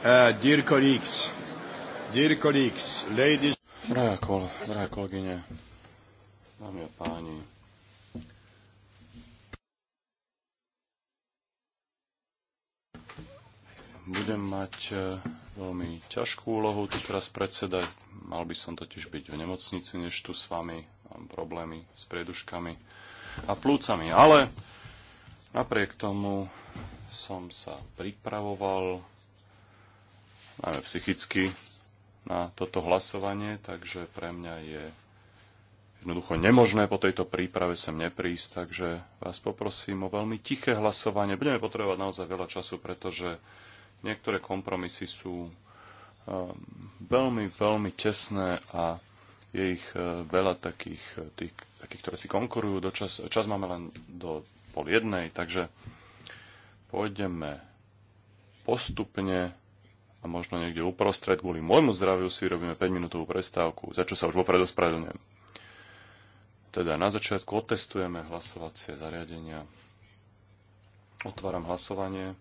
Uh, dear colleagues, dear colleagues, ladies... Drahá, kol, drahá kolegyne, dámy a páni, budem mať uh, veľmi ťažkú úlohu tu teraz predsedať. Mal by som totiž byť v nemocnici, než tu s vami. Mám problémy s prieduškami a plúcami. Ale napriek tomu som sa pripravoval najmä psychicky na toto hlasovanie, takže pre mňa je jednoducho nemožné po tejto príprave sem neprísť, takže vás poprosím o veľmi tiché hlasovanie. Budeme potrebovať naozaj veľa času, pretože niektoré kompromisy sú um, veľmi, veľmi tesné a je ich uh, veľa takých, uh, tých, takých ktoré si konkurujú. Do čas, čas máme len do pol jednej, takže pôjdeme postupne a možno niekde uprostred kvôli môjmu zdraviu si robíme 5-minútovú prestávku, za čo sa už vopred ospravedlňujem. Teda na začiatku otestujeme hlasovacie zariadenia. Otváram hlasovanie.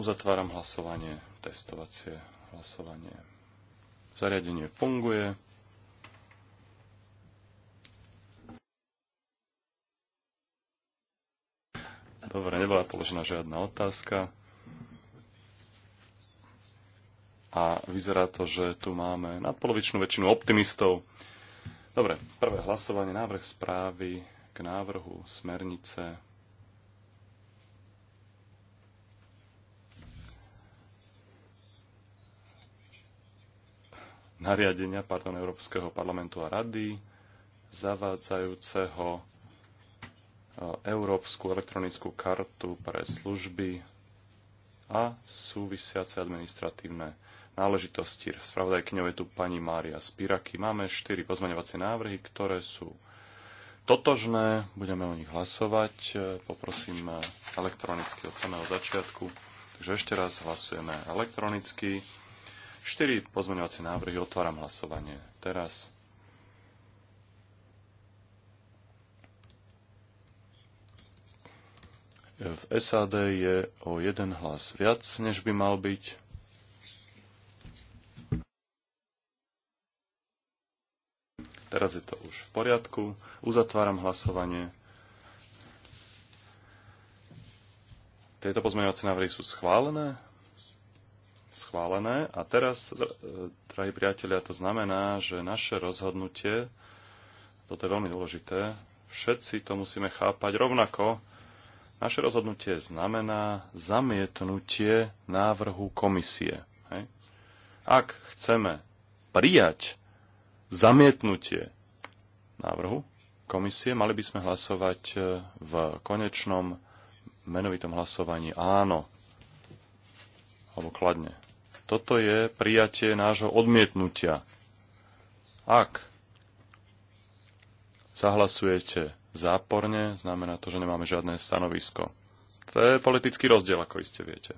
Uzatváram hlasovanie, testovacie hlasovanie. Zariadenie funguje. Dobre, nebola položená žiadna otázka. A vyzerá to, že tu máme nadpolovičnú väčšinu optimistov. Dobre, prvé hlasovanie, návrh správy k návrhu smernice nariadenia pardon, Európskeho parlamentu a rady zavádzajúceho európsku elektronickú kartu pre služby a súvisiace administratívne náležitosti. Spravodajkyňou je tu pani Mária Spiraky. Máme štyri pozmaňovacie návrhy, ktoré sú totožné. Budeme o nich hlasovať. Poprosím elektronicky od samého začiatku. Takže ešte raz hlasujeme elektronicky. Štyri pozmeňovacie návrhy. Otváram hlasovanie teraz. v SAD je o jeden hlas viac, než by mal byť. Teraz je to už v poriadku. Uzatváram hlasovanie. Tieto pozmeňovacie návrhy sú schválené. Schválené. A teraz, eh, drahí priatelia, to znamená, že naše rozhodnutie, toto je veľmi dôležité, všetci to musíme chápať rovnako naše rozhodnutie znamená zamietnutie návrhu komisie. Hej? Ak chceme prijať zamietnutie návrhu komisie, mali by sme hlasovať e, v konečnom menovitom hlasovaní áno alebo kladne. Toto je prijatie nášho odmietnutia. Ak zahlasujete záporne, znamená to, že nemáme žiadne stanovisko. To je politický rozdiel, ako iste viete.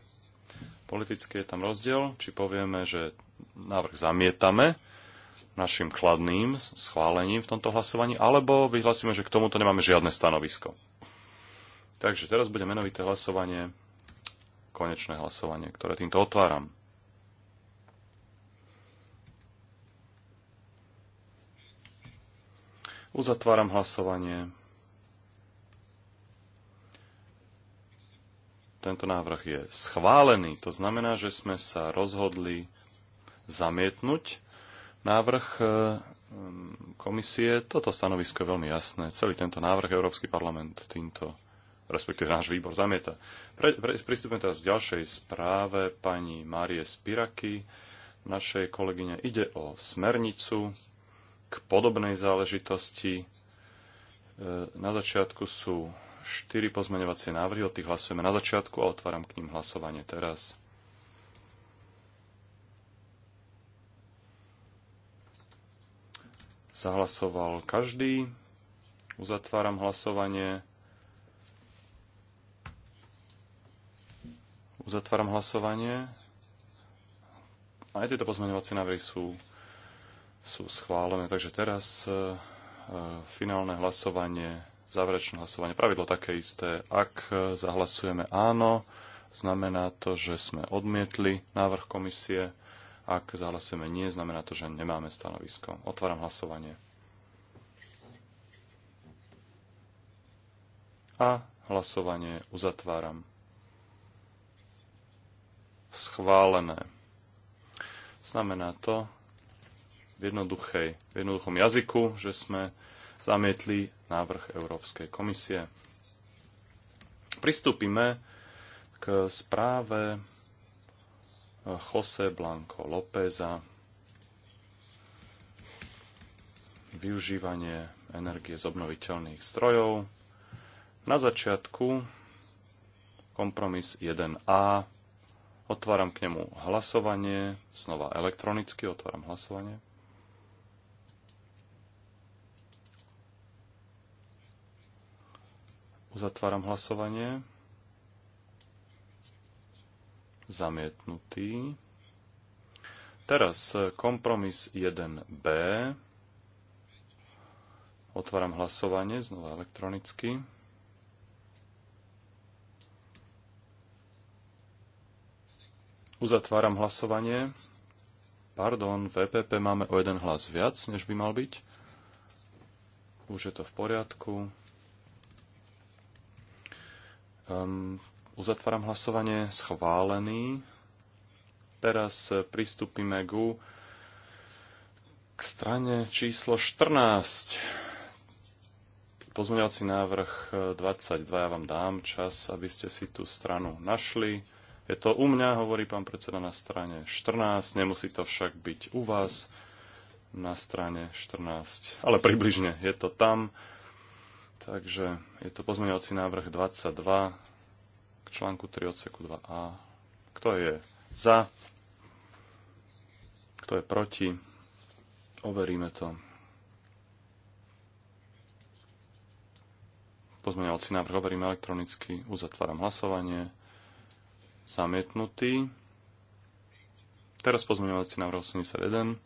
Politicky je tam rozdiel, či povieme, že návrh zamietame našim chladným schválením v tomto hlasovaní, alebo vyhlasíme, že k tomuto nemáme žiadne stanovisko. Takže teraz bude menovité hlasovanie, konečné hlasovanie, ktoré týmto otváram. Uzatváram hlasovanie. Tento návrh je schválený. To znamená, že sme sa rozhodli zamietnúť návrh eh, mm, komisie. Toto stanovisko je veľmi jasné. Celý tento návrh Európsky parlament týmto respektíve náš výbor zamieta. Pre, pre, teraz k ďalšej správe pani Márie Spiraky, našej kolegyne. Ide o smernicu k podobnej záležitosti. Eh, na začiatku sú 4 pozmeňovacie návrhy, o tých hlasujeme na začiatku a otváram k ním hlasovanie teraz. Zahlasoval každý. Uzatváram hlasovanie. Uzatváram hlasovanie. Aj tieto pozmeňovacie návrhy sú, sú schválené. Takže teraz e, finálne hlasovanie záverečné hlasovanie. Pravidlo také isté. Ak zahlasujeme áno, znamená to, že sme odmietli návrh komisie. Ak zahlasujeme nie, znamená to, že nemáme stanovisko. Otváram hlasovanie. A hlasovanie uzatváram. Schválené. Znamená to v, v jednoduchom jazyku, že sme zamietli návrh Európskej komisie. Pristúpime k správe eh, Jose Blanco Lópeza využívanie energie z obnoviteľných strojov. Na začiatku kompromis 1a. Otváram k nemu hlasovanie. Znova elektronicky otváram hlasovanie. Uzatváram hlasovanie. Zamietnutý. Teraz eh, kompromis 1b. Otváram hlasovanie znova elektronicky. Uzatváram hlasovanie. Pardon, VPP e máme o jeden hlas viac, než by mal byť. Už je to v poriadku. Um, uzatváram hlasovanie. Schválený. Teraz e, pristúpime k strane číslo 14. Pozmeňovací návrh 22. E, ja vám dám čas, aby ste si tú stranu našli. Je to u mňa, hovorí pán predseda na strane 14. Nemusí to však byť u vás na strane 14. Ale približne je to tam. Takže je to pozmeňovací návrh 22 k článku 3 odseku 2a. Kto je za? Kto je proti? Overíme to. Pozmeňovací návrh overíme elektronicky. Uzatváram hlasovanie. Zamietnutý. Teraz pozmeňovací návrh 81.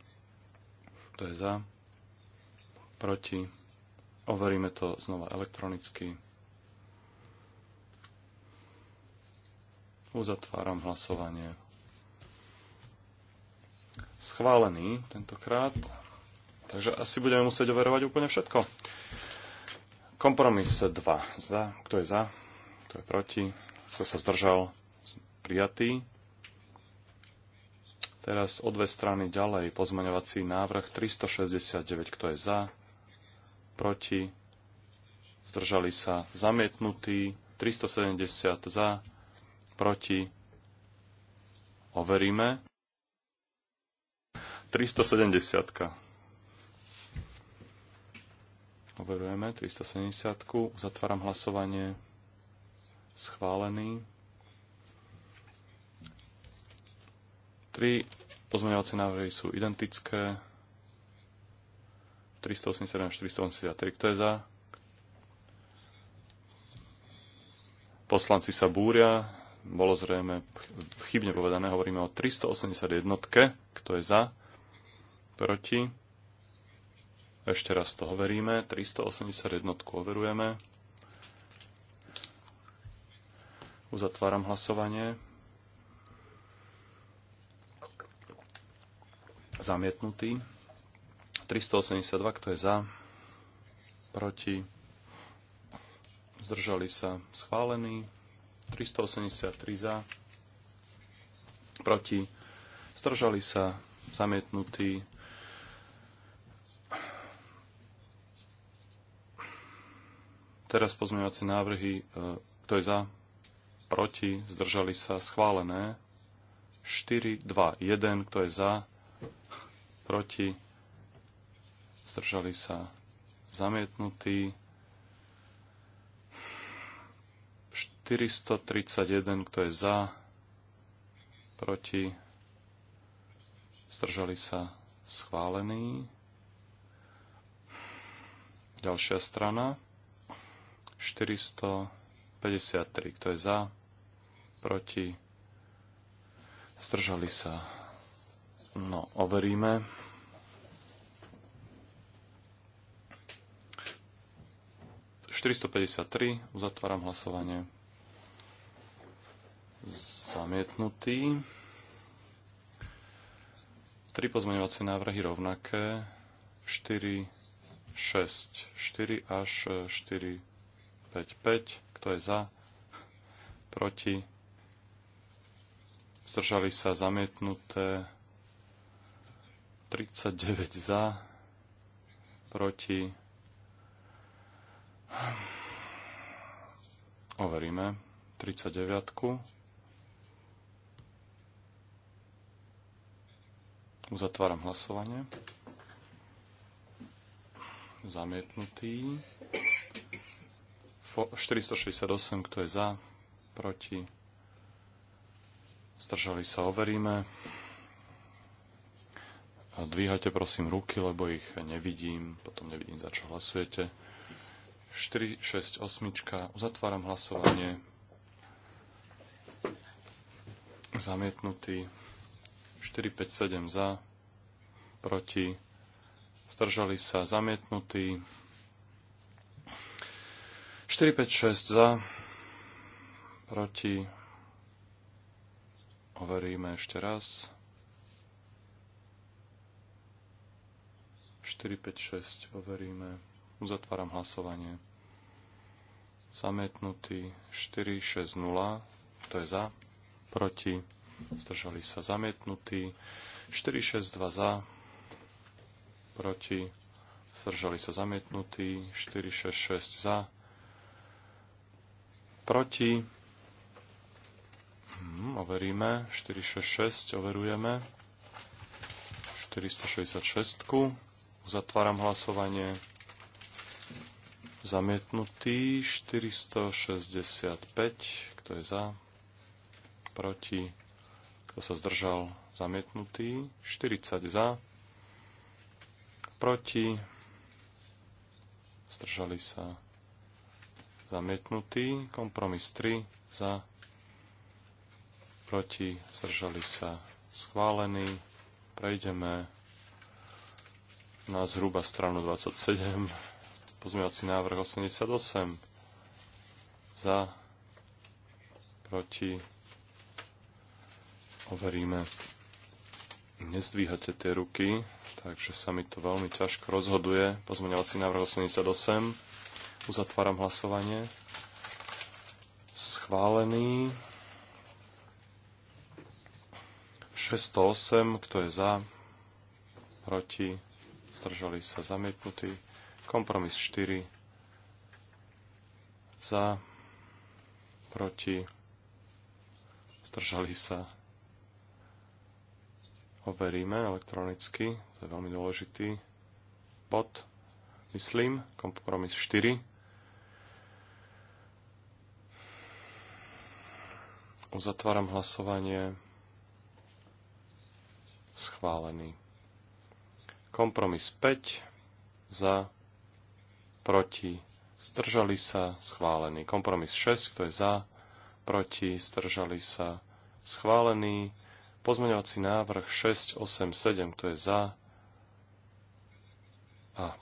Kto je za? Proti? Overíme to znova elektronicky. Uzatváram hlasovanie. Schválený tentokrát. Takže asi budeme musieť overovať úplne všetko. Kompromis 2. Za. Kto je za? Kto je proti? Kto sa zdržal? Prijatý. Teraz o dve strany ďalej pozmeňovací návrh 369. Kto je za? proti, zdržali sa zamietnutí, 370 za, proti, overíme, 370. Overujeme 370. Zatváram hlasovanie. Schválený. 3 pozmeňovacie návrhy sú identické. 387 483. Kto je za? Poslanci sa búria. Bolo zrejme chybne povedané. Hovoríme o 381. Kto je za? Proti? Ešte raz to hovoríme. 381 overujeme. Uzatváram hlasovanie. Zamietnutý. 382, kto je za, proti, zdržali sa, schválený. 383 za, proti, zdržali sa, zamietnutý. Teraz pozmeňovacie návrhy, e, kto je za, proti, zdržali sa, schválené. 4, 2, 1, kto je za, proti, zdržali sa zamietnutí. 431, kto je za, proti, zdržali sa schválení. Ďalšia strana. 453, kto je za, proti, zdržali sa. No, overíme. 453, uzatváram hlasovanie. Zamietnutý. Tri pozmeňovacie návrhy rovnaké. 4, 6, 4 až 4, 5, 5. Kto je za? Proti? Zdržali sa zamietnuté. 39 za, proti Overíme 39. Uzatváram hlasovanie. Zamietnutý. 468, kto je za, proti. Stržali sa, overíme. Dvíhajte prosím ruky, lebo ich nevidím. Potom nevidím, za čo hlasujete. 4, 6, 8. Uzatváram hlasovanie. Zamietnutý. 4, 5, 7 za. Proti. stržali sa. Zamietnutý. 4, 5, 6 za. Proti. Overíme ešte raz. 4, 5, 6. Overíme. Uzatváram hlasovanie. Zamietnutý 460, to je za, proti, zdržali sa zamietnutí, 462 za, proti, zdržali sa zamietnutí, 466 za, proti, hm, overíme, 466 overujeme, 466, uzatváram hlasovanie, zamietnutý 465, kto je za, proti, kto sa zdržal, zamietnutý 40 za, proti, zdržali sa, zamietnutý kompromis 3 za, proti, zdržali sa, schválený. Prejdeme na zhruba stranu 27 Pozmeňovací návrh 88. Za, proti, overíme. Nezdvíhate tie ruky, takže sa mi to veľmi ťažko rozhoduje. Pozmeňovací návrh 88. Uzatváram hlasovanie. Schválený. 608, kto je za, proti, zdržali sa zamietnutí. Kompromis 4 za, proti, zdržali sa. Overíme elektronicky, to je veľmi dôležitý Pod, myslím, kompromis 4. Uzatváram hlasovanie. Schválený. Kompromis 5 za proti, zdržali sa, schválený. Kompromis 6, kto je za, proti, zdržali sa, schválený. Pozmeňovací návrh 6, 8, 7, kto je za a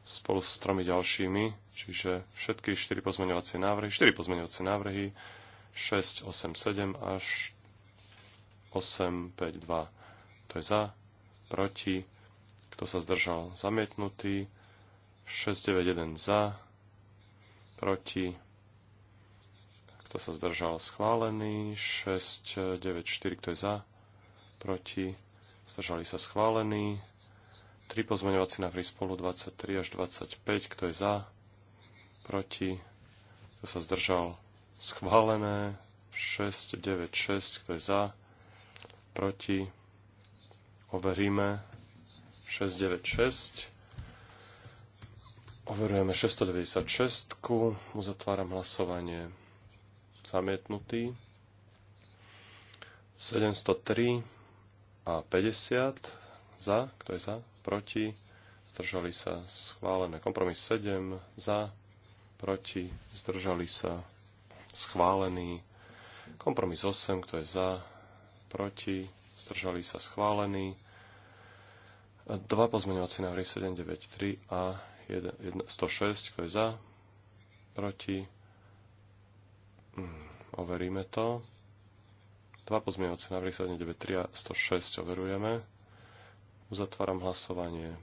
spolu s tromi ďalšími, čiže všetky 4 pozmeňovacie návrhy, 4 pozmeňovacie návrhy, 6, 8, 7 až 8, 5, 2. To je za, proti, kto sa zdržal, zamietnutý, 691 za, proti, kto sa zdržal, schválený, 694, kto je za, proti, zdržali sa schválený, 3 pozmeňovací návrhy spolu 23 až 25, kto je za, proti, kto sa zdržal, schválené, 696, kto je za, proti, overíme, 696, Overujeme 696. Uzatváram hlasovanie. Zamietnutý. 703 a 50 za. Kto je za? Proti. Zdržali sa. Schválené. Kompromis 7 za. Proti. Zdržali sa. Schválený. Kompromis 8. Kto je za? Proti. Zdržali sa. Schválený. Dva pozmeňovací návrhy 793 a 106, kto je za, proti. Mm, overíme to. Dva pozmievacie návrhy 793 a 106 overujeme. Uzatváram hlasovanie.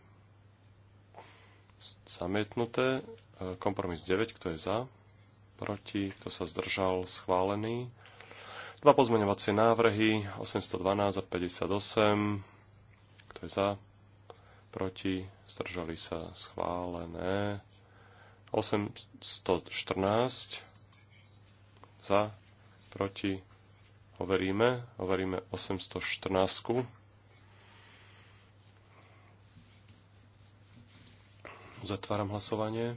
Zamietnuté. E, kompromis 9, kto je za, proti, kto sa zdržal, schválený. Dva pozmeňovacie návrhy 812 a 58, kto je za, proti, zdržali sa schválené. 814 za, proti, hovoríme, hovoríme 814. Zatváram hlasovanie.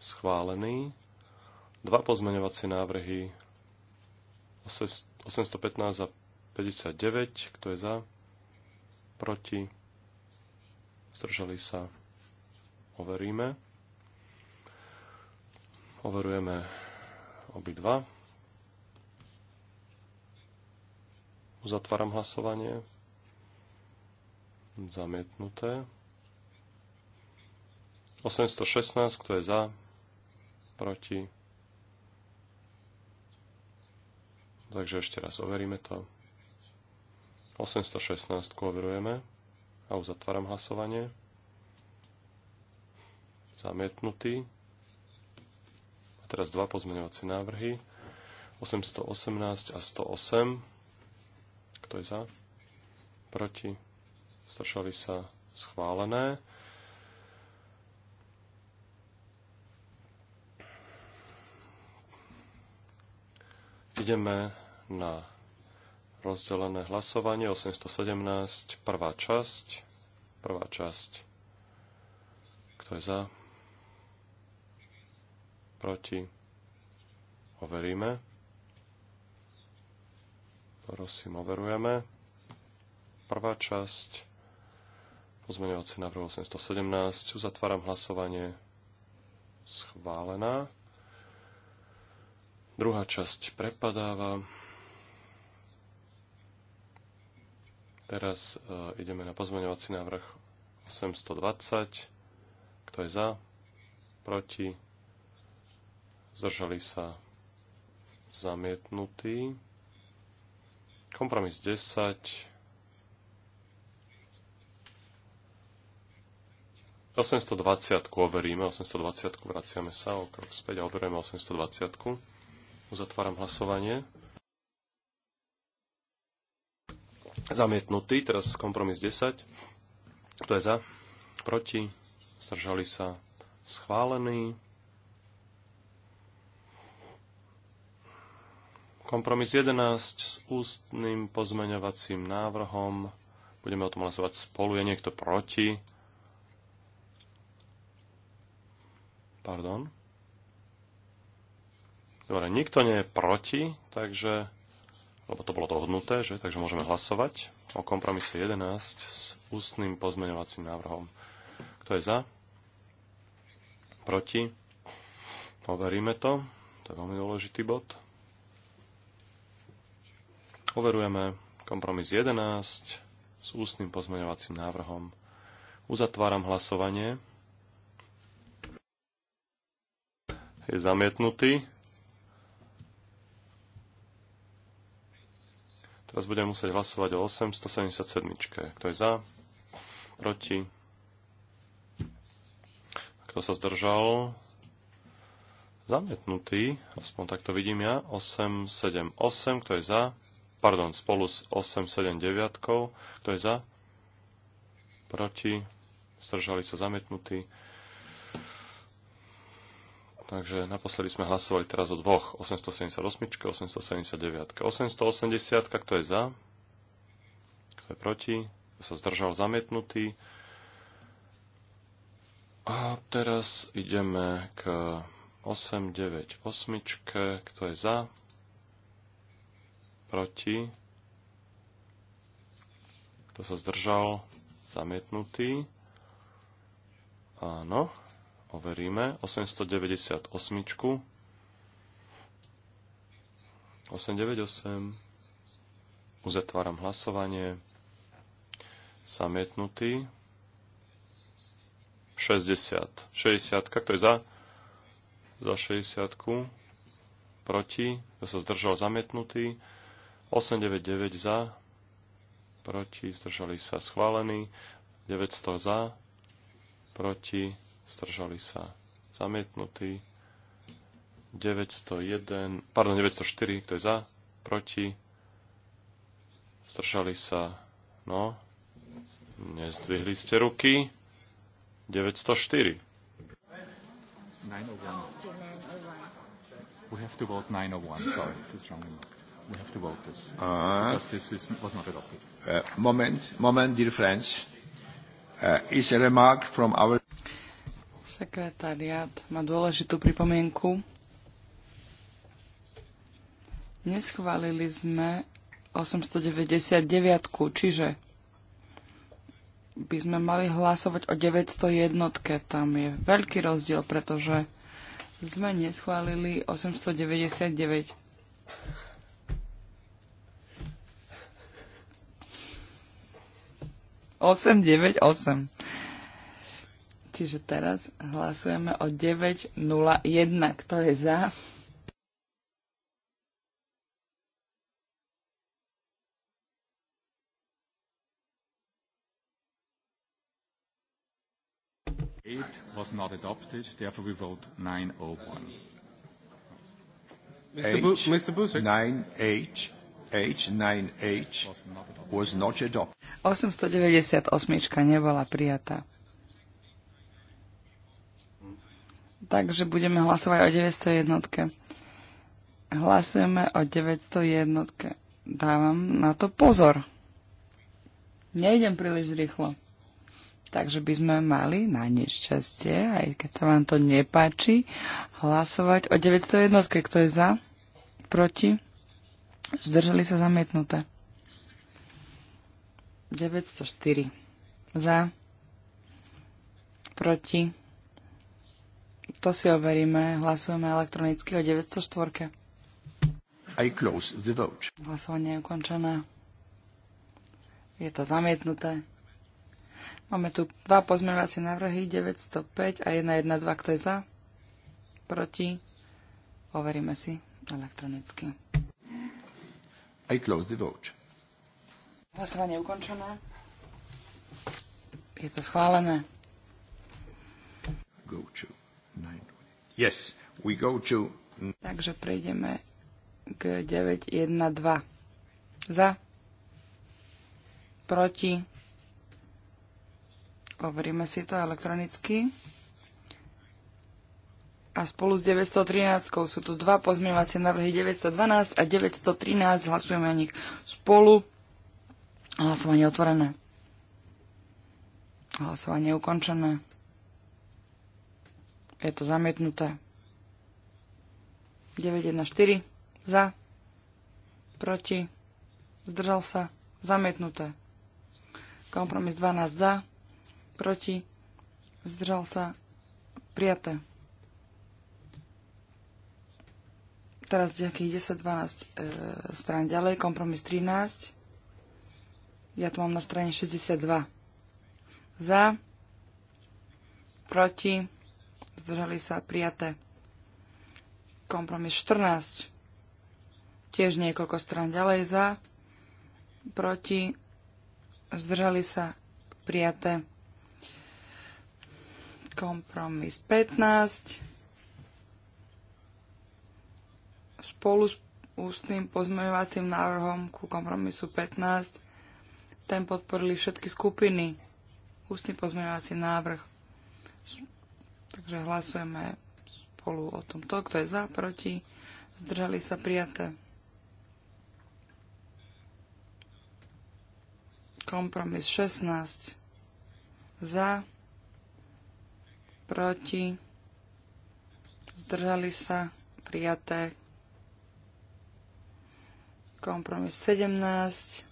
Schválený. Dva pozmeňovacie návrhy 815 za 59, kto je za, proti, zdržali sa, overíme. Overujeme obidva. Uzatváram hlasovanie. Zamietnuté. 816, kto je za? Proti? Takže ešte raz overíme to. 816 overujeme a uzatváram hlasovanie. Zamietnutý. A teraz dva pozmeňovacie návrhy. 818 a 108. Kto je za? Proti? Stršali sa schválené. Ideme na rozdelené hlasovanie 817, prvá časť prvá časť. Kto je za? Proti? Overíme. Prosím, overujeme. Prvá časť. Pozmeňovací návrh 817. Uzatváram hlasovanie. Schválená. Druhá časť prepadáva. Teraz e, ideme na pozmeňovací návrh 820. Kto je za? Proti? Zdržali sa? Zamietnutý. Kompromis 10. 820 overíme, 820 vraciame sa o krok späť a overujeme 820. -ku. Uzatváram hlasovanie. Zamietnutý, teraz kompromis 10. Kto je za? Proti? Zdržali sa? Schválený. Kompromis 11 s ústnym pozmeňovacím návrhom. Budeme o tom hlasovať spolu. Je niekto proti? Pardon. Dobre, nikto nie je proti, takže lebo to bolo dohodnuté, že? takže môžeme hlasovať o kompromise 11 s ústnym pozmeňovacím návrhom. Kto je za? Proti? Overíme to. To je veľmi dôležitý bod. Overujeme kompromis 11 s ústnym pozmeňovacím návrhom. Uzatváram hlasovanie. Je zamietnutý. Teraz budeme musieť hlasovať o 877. Kto je za? Proti? Kto sa zdržal? Zamietnutý, aspoň takto vidím ja, 878. Kto je za? Pardon, spolu s 879. Kto je za? Proti? Zdržali sa zamietnutí. Takže naposledy sme hlasovali teraz o dvoch. 878, 879. 880, kto je za? Kto je proti? Kto sa zdržal zamietnutý? A teraz ideme k 898, kto je za? Proti? Kto sa zdržal? Zamietnutý. Áno, overíme. 898. 898. Uzatváram hlasovanie. Zamietnutý. 60. 60. Kto je za? Za 60. Proti. Kto sa zdržal? Zamietnutý. 899 za. Proti. Zdržali sa schválení. 900 za. Proti zdržali sa zamietnutí. 901, pardon, 904, kto je za, proti, zdržali sa, no, nezdvihli ste ruky, 904. 901. We have to vote 901, sorry, this wrong We have to vote this, uh, because this is, was not adopted. Uh, moment, moment, dear friends. Uh, is a remark from our Sekretariat má dôležitú pripomienku. Neschválili sme 899, čiže by sme mali hlasovať o 901. Tam je veľký rozdiel, pretože sme neschválili 899. Osem, deväť, osem. Čiže teraz hlasujeme o 9.01. Kto je za? Eight was not adopted, therefore we vote 901. Mr. 9H. H, 9H was not adopted. 898 nebola prijatá. Takže budeme hlasovať o 900 jednotke. Hlasujeme o 900 jednotke. Dávam na to pozor. Nejdem príliš rýchlo. Takže by sme mali na nešťastie, aj keď sa vám to nepáči, hlasovať o 900 jednotke. Kto je za? Proti? Zdržali sa zamietnuté. 904. Za? Proti? To si overíme. Hlasujeme elektronicky o 904. I close the vote. Hlasovanie je ukončené. Je to zamietnuté. Máme tu dva pozmeňovacie návrhy, 905 a 112. Kto je za? Proti? Overíme si elektronicky. I close the vote. Hlasovanie je ukončené. Je to schválené. Go to. Yes, we go to... Takže prejdeme k 9.1.2. Za. Proti. Overíme si to elektronicky. A spolu s 913 sú tu dva pozmievacie návrhy 912 a 913. Hlasujeme o nich spolu. Hlasovanie otvorené. Hlasovanie ukončené. Je to zamietnuté. 914 za, proti, zdržal sa, zamietnuté. Kompromis 12 za, proti, zdržal sa, prijaté. Teraz nejakých 10-12 e, strán ďalej, kompromis 13. Ja tu mám na strane 62. Za, proti, zdržali sa prijaté. Kompromis 14, tiež niekoľko strán ďalej za, proti, zdržali sa prijaté. Kompromis 15, spolu s ústnym pozmeňovacím návrhom ku kompromisu 15, ten podporili všetky skupiny. Ústny pozmeňovací návrh Takže hlasujeme spolu o tom to, kto je za, proti, zdržali sa prijaté. Kompromis 16 za, proti, zdržali sa prijaté. Kompromis 17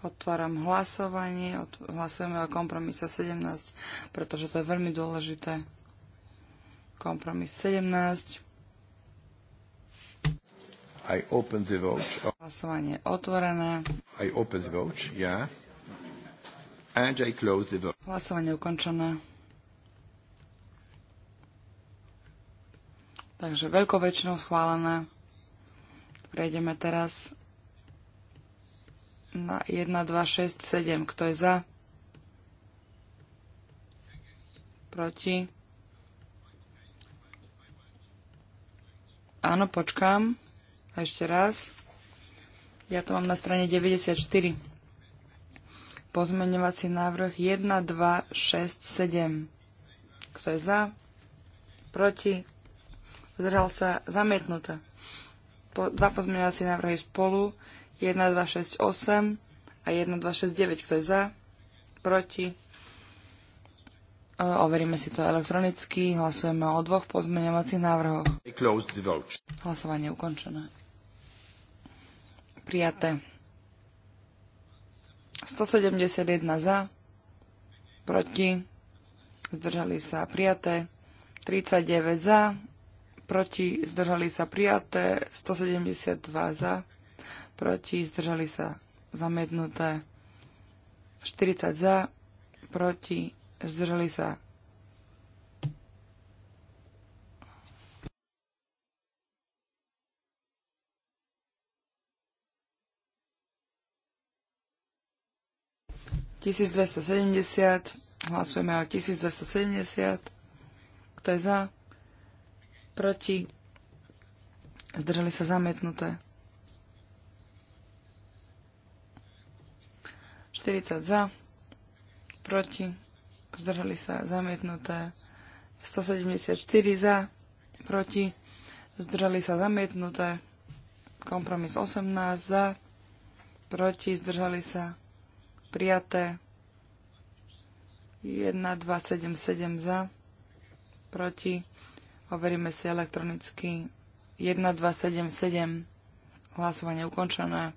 Otváram hlasovanie, od, hlasujeme o kompromise 17, pretože to je veľmi dôležité. Kompromis 17. I open the vote. Hlasovanie otvorené. I open the vote, yeah. And I close the vote. Hlasovanie ukončené. Takže veľkou väčšinou schválené. Prejdeme teraz na 1, 2, 6, 7. Kto je za? Proti? Áno, počkám. A ešte raz. Ja to mám na strane 94. Pozmeňovací návrh 1, 2, 6, 7. Kto je za? Proti? Zdržal sa? Zamietnuté. Po, dva pozmeňovací návrhy spolu. 1268 a 1269. Kto je za? Proti? E, overíme si to elektronicky. Hlasujeme o dvoch pozmeňovacích návrhoch. Hlasovanie je ukončené. Prijaté. 171 za, proti, zdržali sa prijaté. 39 za, proti, zdržali sa prijaté. 172 za, proti, zdržali sa zamietnuté. 40 za, proti, zdržali sa Tisíc dvesto sedemdesiat. Hlasujeme o 1270. Kto je za? Proti? Zdržali sa zamietnuté. 40 za, proti, zdržali sa zamietnuté 174 za, proti, zdržali sa zamietnuté kompromis 18 za, proti, zdržali sa prijaté 1, 2, 7, 7 za, proti, overíme si elektronicky 1, 2, 7, 7, hlasovanie ukončené.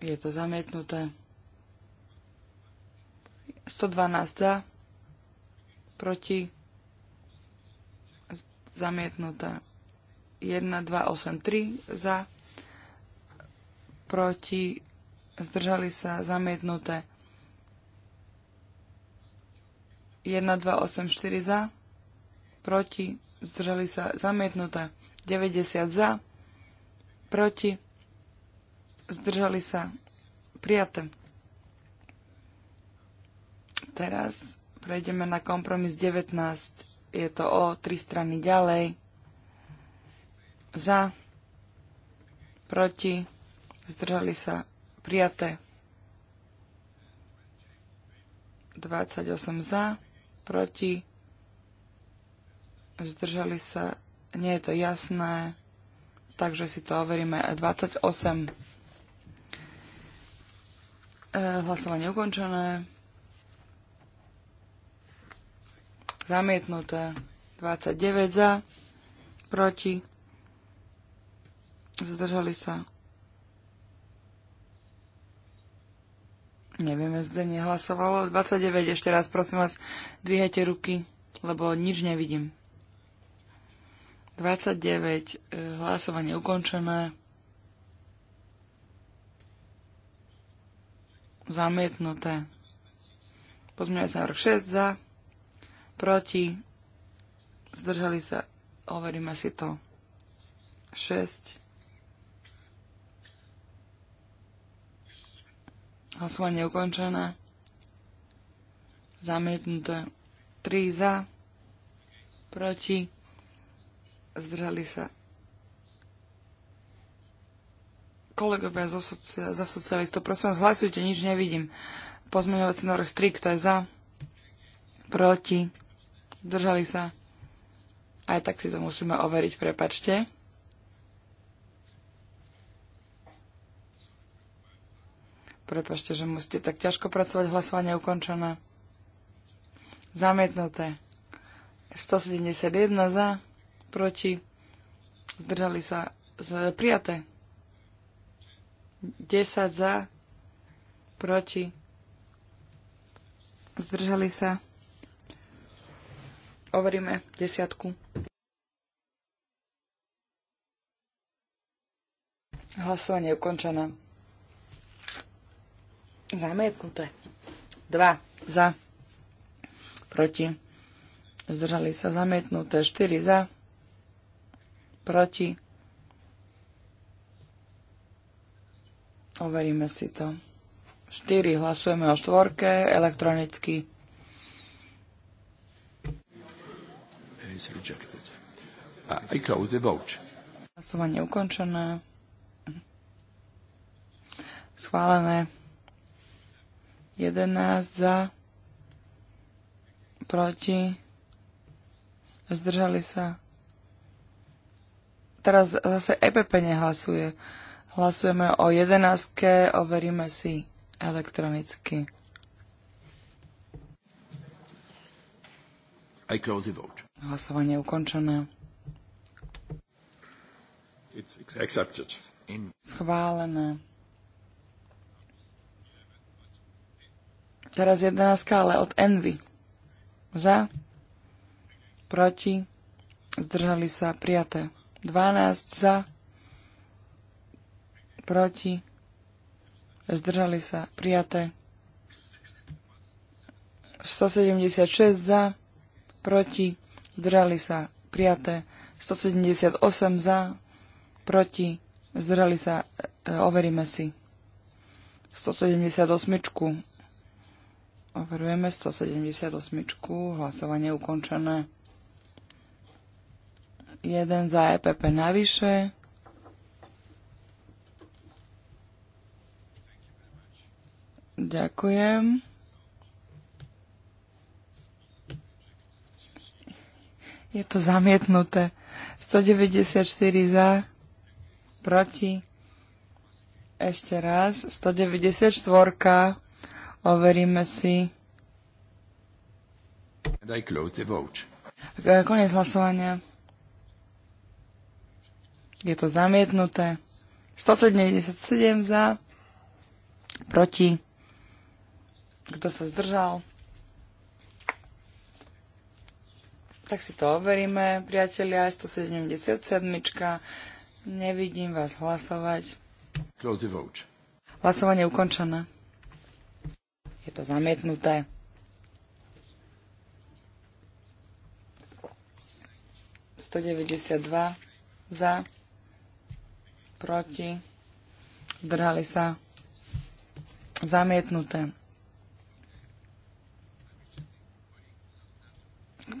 je to zamietnuté. 112 za, proti, zamietnuté. 1, 2, 8, 3 za, proti, zdržali sa, zamietnuté. 1, 2, 8, 4 za, proti, zdržali sa, zamietnuté. 90 za, proti, zdržali sa prijaté. Teraz prejdeme na kompromis 19. Je to o tri strany ďalej. Za, proti, zdržali sa prijaté. 28 za, proti, zdržali sa, nie je to jasné, takže si to overíme. 28 E, hlasovanie ukončené. Zamietnuté. 29 za. Proti. Zdržali sa. Nevieme, zde nehlasovalo. 29 ešte raz, prosím vás, dvíhajte ruky, lebo nič nevidím. 29, e, hlasovanie ukončené. Zamietnuté. sa návrh 6 za. Proti. Zdržali sa. Overíme si to. 6. Hlasovanie ukončené. Zamietnuté. 3 za. Proti. Zdržali sa. Kolegovia zo socia- za socialistov, prosím vás, hlasujte, nič nevidím. Pozmeňovací návrh 3, kto je za? Proti? Držali sa? Aj tak si to musíme overiť, prepačte. Prepačte, že musíte tak ťažko pracovať, hlasovanie ukončené. Zamietnuté. 171 za, proti, zdržali sa, z, prijaté. 10 za, proti, zdržali sa. Overíme desiatku. Hlasovanie je ukončené. Zamietnuté. 2 za, proti, zdržali sa zamietnuté. 4 za, proti, Overíme si to. 4. Hlasujeme o štvorke elektronicky. Uh, Hlasovanie ukončené. Schválené. 11 za. Proti. Zdržali sa. Teraz zase EPP nehlasuje. Hlasujeme o jedenástke, overíme si elektronicky. I close the vote. Hlasovanie je ukončené. It's accepted. In... Schválené. Teraz jedenáctka, ale od Envy. Za, proti, zdržali sa, prijaté. 12 za, proti, zdržali sa, prijaté. 176 za, proti, zdržali sa, prijaté. 178 za, proti, zdržali sa, e, overíme si. 178. Overujeme 178. Hlasovanie ukončené. 1 za EPP navyše. Ďakujem. Je to zamietnuté. 194 za, proti. Ešte raz. 194. Overíme si. And the vote. Konec hlasovania. Je to zamietnuté. 197 za, proti. Kto sa zdržal? Tak si to overíme, priatelia. 177. Nevidím vás hlasovať. Close the vote. Hlasovanie ukončené. Je to zamietnuté. 192. za, proti, drhali sa, zamietnuté.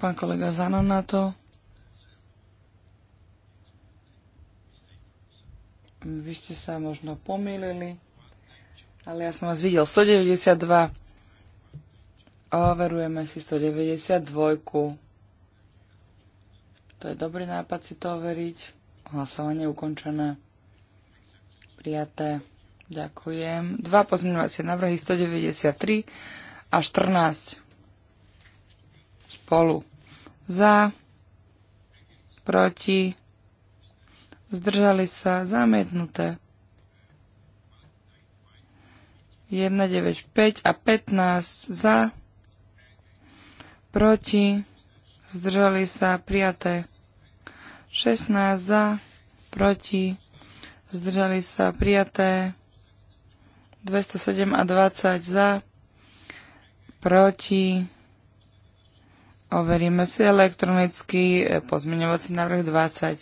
pán kolega Zanon na to. Vy ste sa možno pomýlili, ale ja som vás videl. 192. Overujeme si 192. To je dobrý nápad si to overiť. Hlasovanie ukončené. Prijaté. Ďakujem. Dva pozmeňovacie návrhy 193 a 14 spolu. Za, proti, zdržali sa, zamietnuté. 1, 9, 5 a 15 za, proti, zdržali sa, prijaté. 16 za, proti, zdržali sa, prijaté. 207 a 20 za, proti, Overíme si elektronicky e, pozmeňovací návrh 20.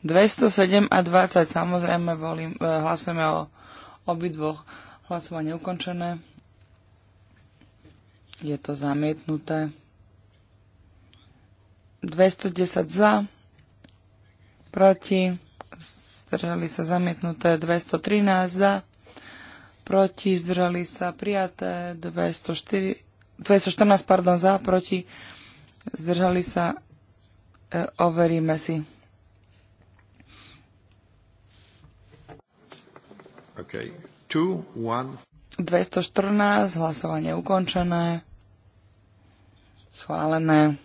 207 a 20, samozrejme volím, e, hlasujeme o obidvoch. Hlasovanie ukončené. Je to zamietnuté. 210 za, proti, zdržali sa zamietnuté 213 za, proti, zdržali sa prijaté 204 214, pardon, za, proti, zdržali sa, e, overíme si. Okay. Two, one. 214, hlasovanie ukončené, schválené.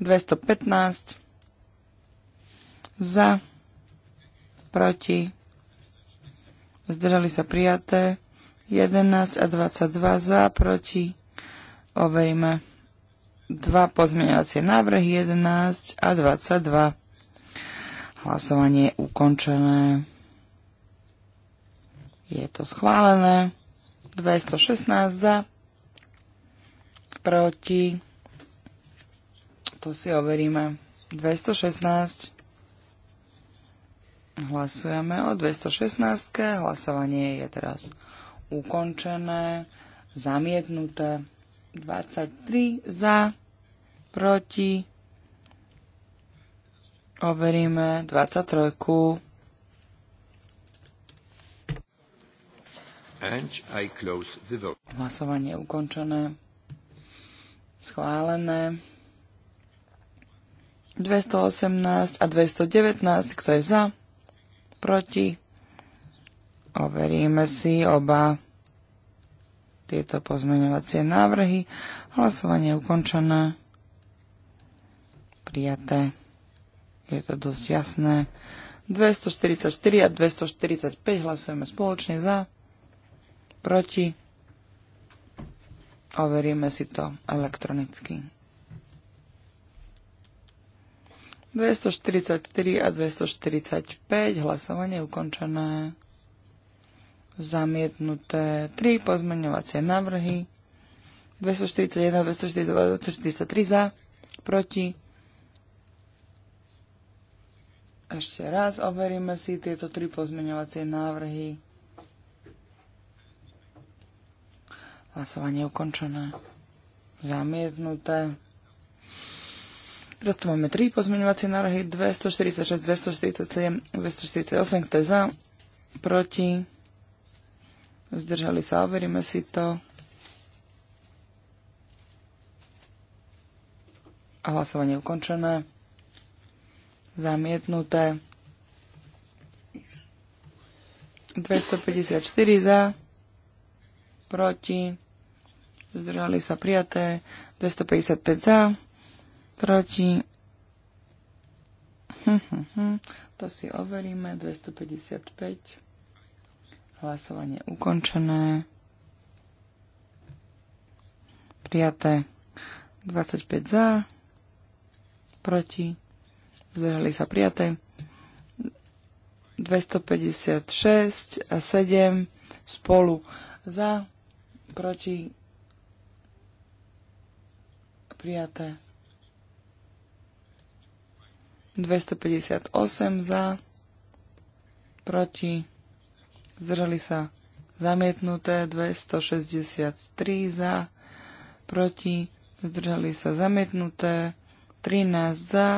215, za, proti, zdržali sa prijaté. 11 a 22 za, proti. Overíme dva pozmeňovacie návrhy, 11 a 22. Hlasovanie je ukončené. Je to schválené. 216 za, proti. To si overíme. 216. Hlasujeme o 216. Hlasovanie je teraz ukončené, zamietnuté. 23 za, proti, overíme 23. And I close the vote. Hlasovanie ukončené. Schválené. 218 a 219, kto je za? Proti? Overíme si oba tieto pozmeňovacie návrhy. Hlasovanie je ukončené. Prijaté. Je to dosť jasné. 244 a 245 hlasujeme spoločne za. Proti. Overíme si to elektronicky. 244 a 245 hlasovanie je ukončené zamietnuté 3 pozmeňovacie návrhy 241, 242, 243 za, proti. Ešte raz overíme si tieto tri pozmeňovacie návrhy. Hlasovanie ukončené. Zamietnuté. Teraz tu máme tri pozmeňovacie návrhy 246, 247, 248, kto je za, proti Zdržali sa, overíme si to. A hlasovanie ukončené. Zamietnuté. 254 za, proti, zdržali sa prijaté, 255 za, proti, hm, hm, hm. to si overíme, 255. Hlasovanie ukončené. Prijaté 25 za, proti, zdržali sa prijaté. 256 a 7 spolu za, proti, prijaté. 258 za, proti, zdržali sa zamietnuté 263 za, proti, zdržali sa zamietnuté 13 za,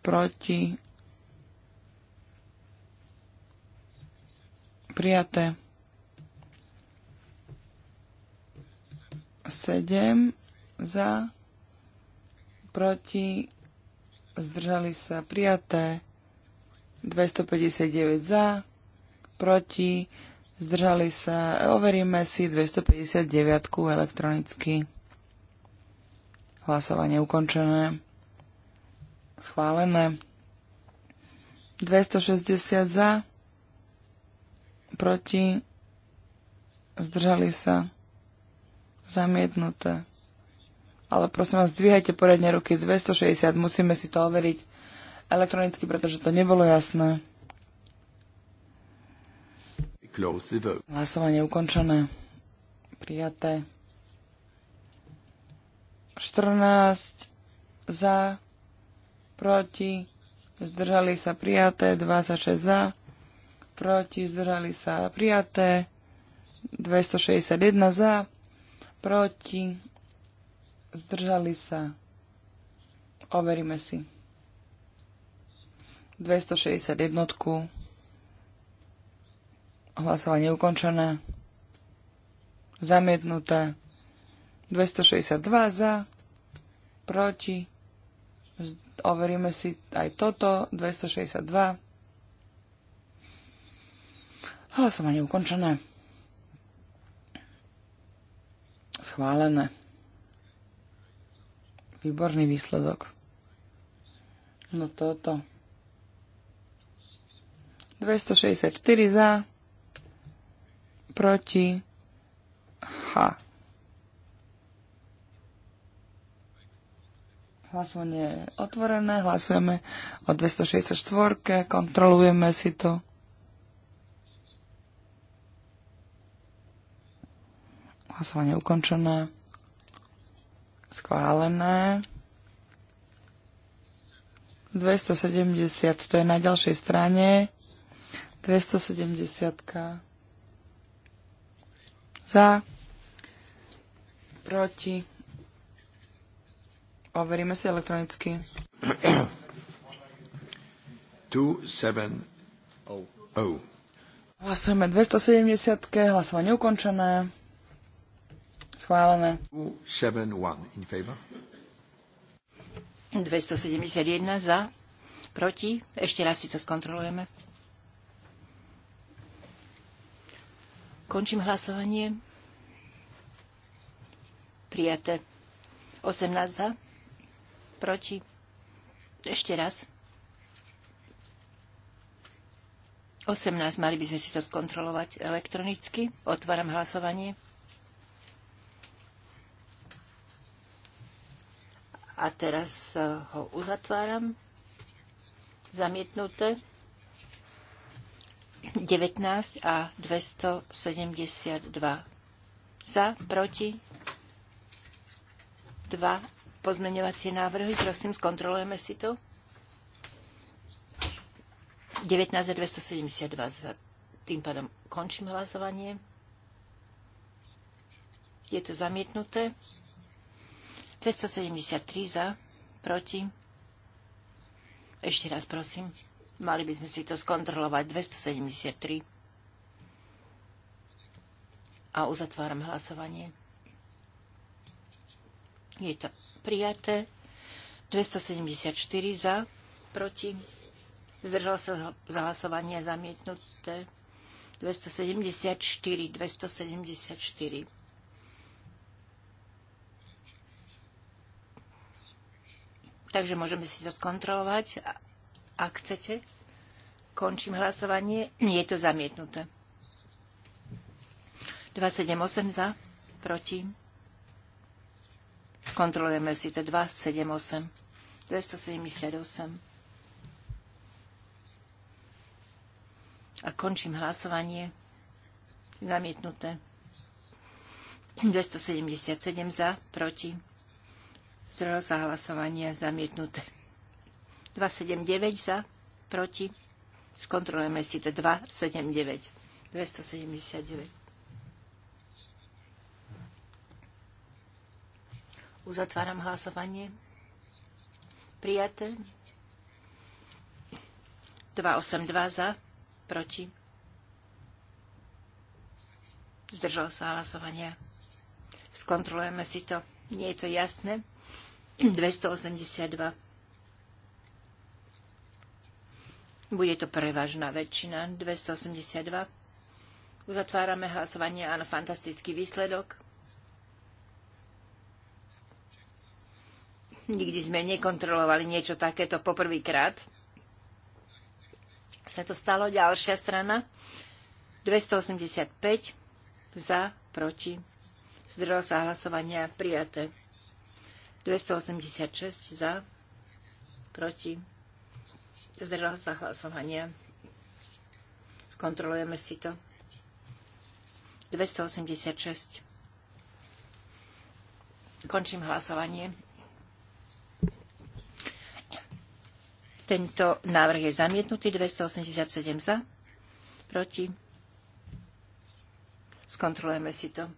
proti, prijaté 7 za, proti, zdržali sa prijaté 259 za, proti, zdržali sa. Overíme si 259 elektronicky. Hlasovanie ukončené. Schválené. 260 za, proti, zdržali sa, zamietnuté. Ale prosím vás, zdvíhajte poriadne ruky 260, musíme si to overiť elektronicky, pretože to nebolo jasné. Close the vote. Hlasovanie ukončené. Prijaté. 14 za, proti, zdržali sa prijaté, 26 za, proti, zdržali sa prijaté, 261 za, proti, zdržali sa, overíme si, 261 Hlasovanie ukončené. Zamietnuté. 262 za. Proti. Overíme si aj toto. 262. Hlasovanie ukončené. Schválené. Výborný výsledok. No toto. 264 za proti H. Hlasovanie je otvorené, hlasujeme o 264, kontrolujeme si to. Hlasovanie ukončené. Schválené. 270, to je na ďalšej strane. 270. Za. Proti. Overíme si elektronicky. 270. Hlasujeme 270. Hlasovanie ukončené. Schválené. 271 in favor. 271 za. Proti. Ešte raz si to skontrolujeme. Končím hlasovanie. Prijaté. 18 za. Proti. Ešte raz. 18. Mali by sme si to skontrolovať elektronicky. Otváram hlasovanie. A teraz eh, ho uzatváram. Zamietnuté. 19 a 272. Za, proti, dva pozmeňovacie návrhy. Prosím, skontrolujeme si to. 19 a 272. Za. Tým pádom končím hlasovanie. Je to zamietnuté. 273 za, proti. Ešte raz prosím. Mali by sme si to skontrolovať. 273. A uzatváram hlasovanie. Je to prijaté. 274 za, proti. Zdržal sa za hlasovanie zamietnuté. 274, 274. Takže môžeme si to skontrolovať, ak chcete. Končím hlasovanie. Je to zamietnuté. 278 za, proti. Skontrolujeme si to 278. 278. A končím hlasovanie. Zamietnuté. 277 za, proti. Zdrel sa hlasovanie zamietnuté. 279 za, proti. Skontrolujeme si to 279. 279. Uzatváram hlasovanie. Prijaté. 282 za, proti. Zdržal sa hlasovania. Skontrolujeme si to. Nie je to jasné. 282. Bude to prevažná väčšina, 282. Uzatvárame hlasovanie, áno, fantastický výsledok. Nikdy sme nekontrolovali niečo takéto poprvýkrát. Sa to stalo ďalšia strana. 285 za, proti. Zdrel sa hlasovania prijaté. 286 za, proti Zdržal sa hlasovania. Skontrolujeme si to. 286. Končím hlasovanie. Tento návrh je zamietnutý. 287 za. Proti. Skontrolujeme si to.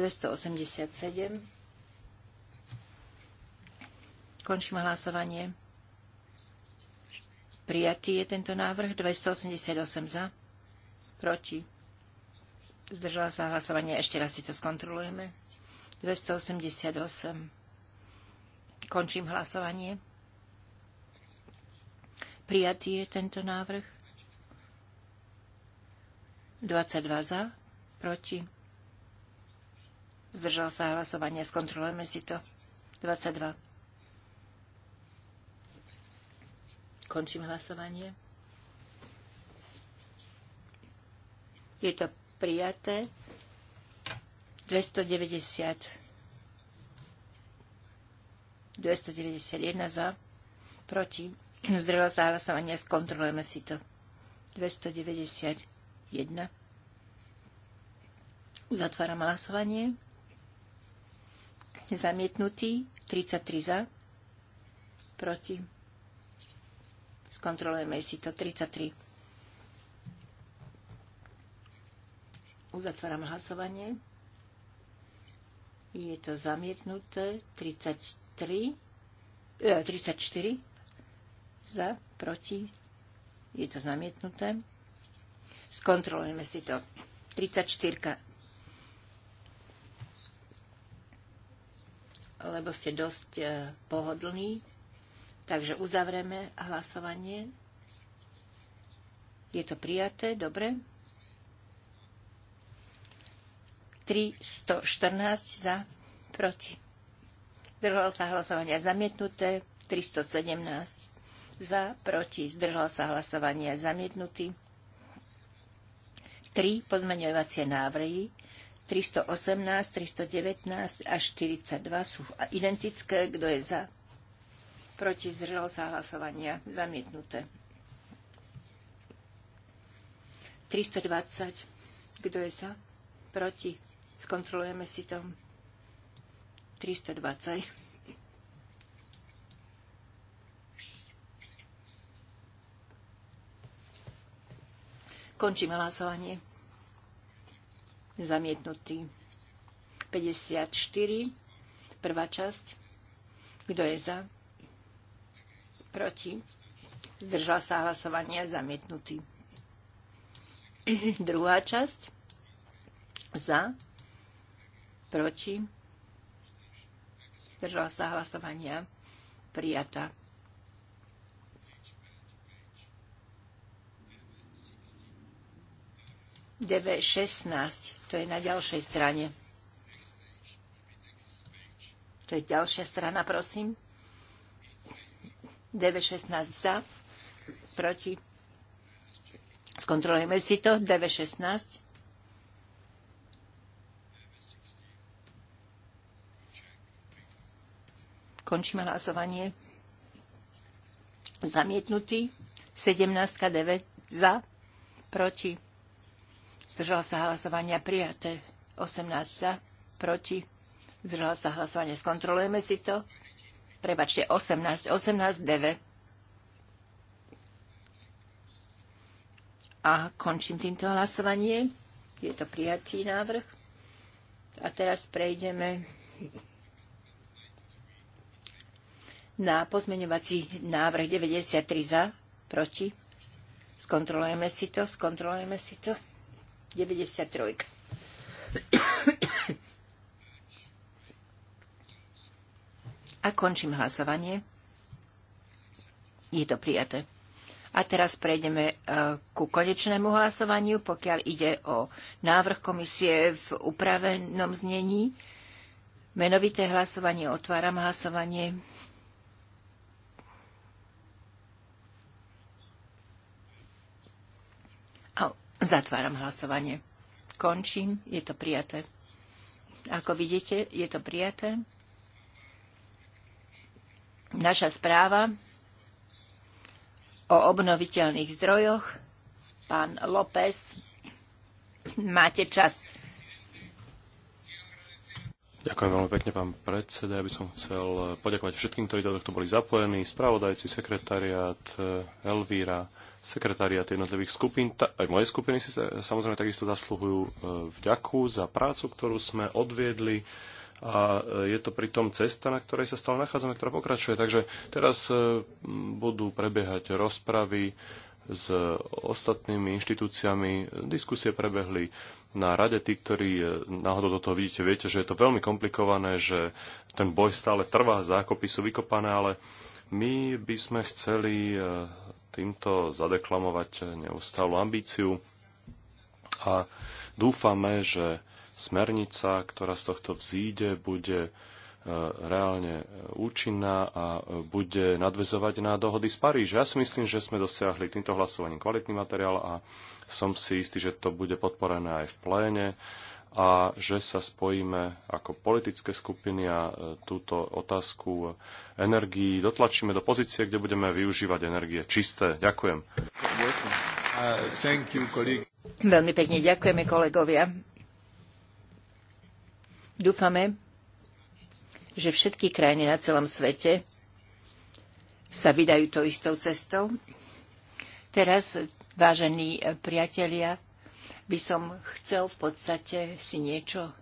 287. Končím hlasovanie. Prijatý je tento návrh. 288 za. Proti. Zdržala sa hlasovanie. Ešte raz si to skontrolujeme. 288. Končím hlasovanie. Prijatý je tento návrh. 22 za. Proti. Zdržal sa hlasovanie. Skontrolujeme si to. 22. Končím hlasovanie. Je to prijaté. 290. 291 za. Proti. Zdrelo sa hlasovanie. Skontrolujeme si to. 291. Uzatváram hlasovanie. Zamietnutý. 33 za. Proti. Skontrolujeme si to. 33. Uzatváram hlasovanie. Je to zamietnuté. 33. E, 34. Za, proti. Je to zamietnuté. Skontrolujeme si to. 34. lebo ste dosť e, pohodlní. Takže uzavrieme hlasovanie. Je to prijaté, dobre. 314 za, proti. Zdržalo sa hlasovanie zamietnuté, 317 za, proti. Zdržalo sa hlasovania zamietnutý. 3 pozmeňovacie návrhy 318, 319 až 42 sú identické. Kto je za? proti zdržal sa hlasovania zamietnuté. 320. Kto je za? Proti. Skontrolujeme si to. 320. Končíme hlasovanie. Zamietnutý. 54. Prvá časť. Kto je za? Proti. Zdržal sa hlasovania zamietnutý. Druhá časť. Za. Proti. Zdržal sa hlasovania prijatá. DV16, to je na ďalšej strane. To je ďalšia strana, prosím. DV16 za, proti. Skontrolujeme si to. DV16. Končíme hlasovanie. Zamietnutý. 17 9 za, proti. Zdržala sa hlasovania prijaté. 18 za, proti. Zdržala sa hlasovanie. Skontrolujeme si to prebačte, 18, 18, 9. A končím týmto hlasovanie. Je to prijatý návrh. A teraz prejdeme na pozmeňovací návrh 93 za, proti. Skontrolujeme si to, skontrolujeme si to. 93. A končím hlasovanie. Je to prijaté. A teraz prejdeme e, ku konečnému hlasovaniu, pokiaľ ide o návrh komisie v upravenom znení. Menovité hlasovanie, otváram hlasovanie. A zatváram hlasovanie. Končím, je to prijaté. Ako vidíte, je to prijaté. Naša správa o obnoviteľných zdrojoch. Pán López, máte čas. Ďakujem veľmi pekne, pán predseda. Ja by som chcel eh, poďakovať všetkým, ktorí do tohto boli zapojení, spravodajci, sekretariat, eh, Elvíra, sekretariat jednotlivých skupín. Ta, aj moje skupiny si samozrejme takisto zasluhujú eh, vďaku za prácu, ktorú sme odviedli a e, je to pritom cesta, na ktorej sa stále nachádzame, ktorá pokračuje. Takže teraz e, budú prebiehať rozpravy s ostatnými inštitúciami. Diskusie prebehli na rade. Tí, ktorí e, náhodou do toho vidíte, viete, že je to veľmi komplikované, že ten boj stále trvá, zákopy sú vykopané, ale my by sme chceli týmto zadeklamovať neustálu ambíciu a dúfame, že smernica, ktorá z tohto vzíde, bude e, reálne účinná a e, bude nadvezovať na dohody z Paríža. Ja si myslím, že sme dosiahli týmto hlasovaním kvalitný materiál a som si istý, že to bude podporené aj v pléne a že sa spojíme ako politické skupiny a e, túto otázku energii dotlačíme do pozície, kde budeme využívať energie čisté. Ďakujem. Uh, Veľmi pekne ďakujeme kolegovia. Dúfame, že všetky krajiny na celom svete sa vydajú tou istou cestou. Teraz, vážení priatelia, by som chcel v podstate si niečo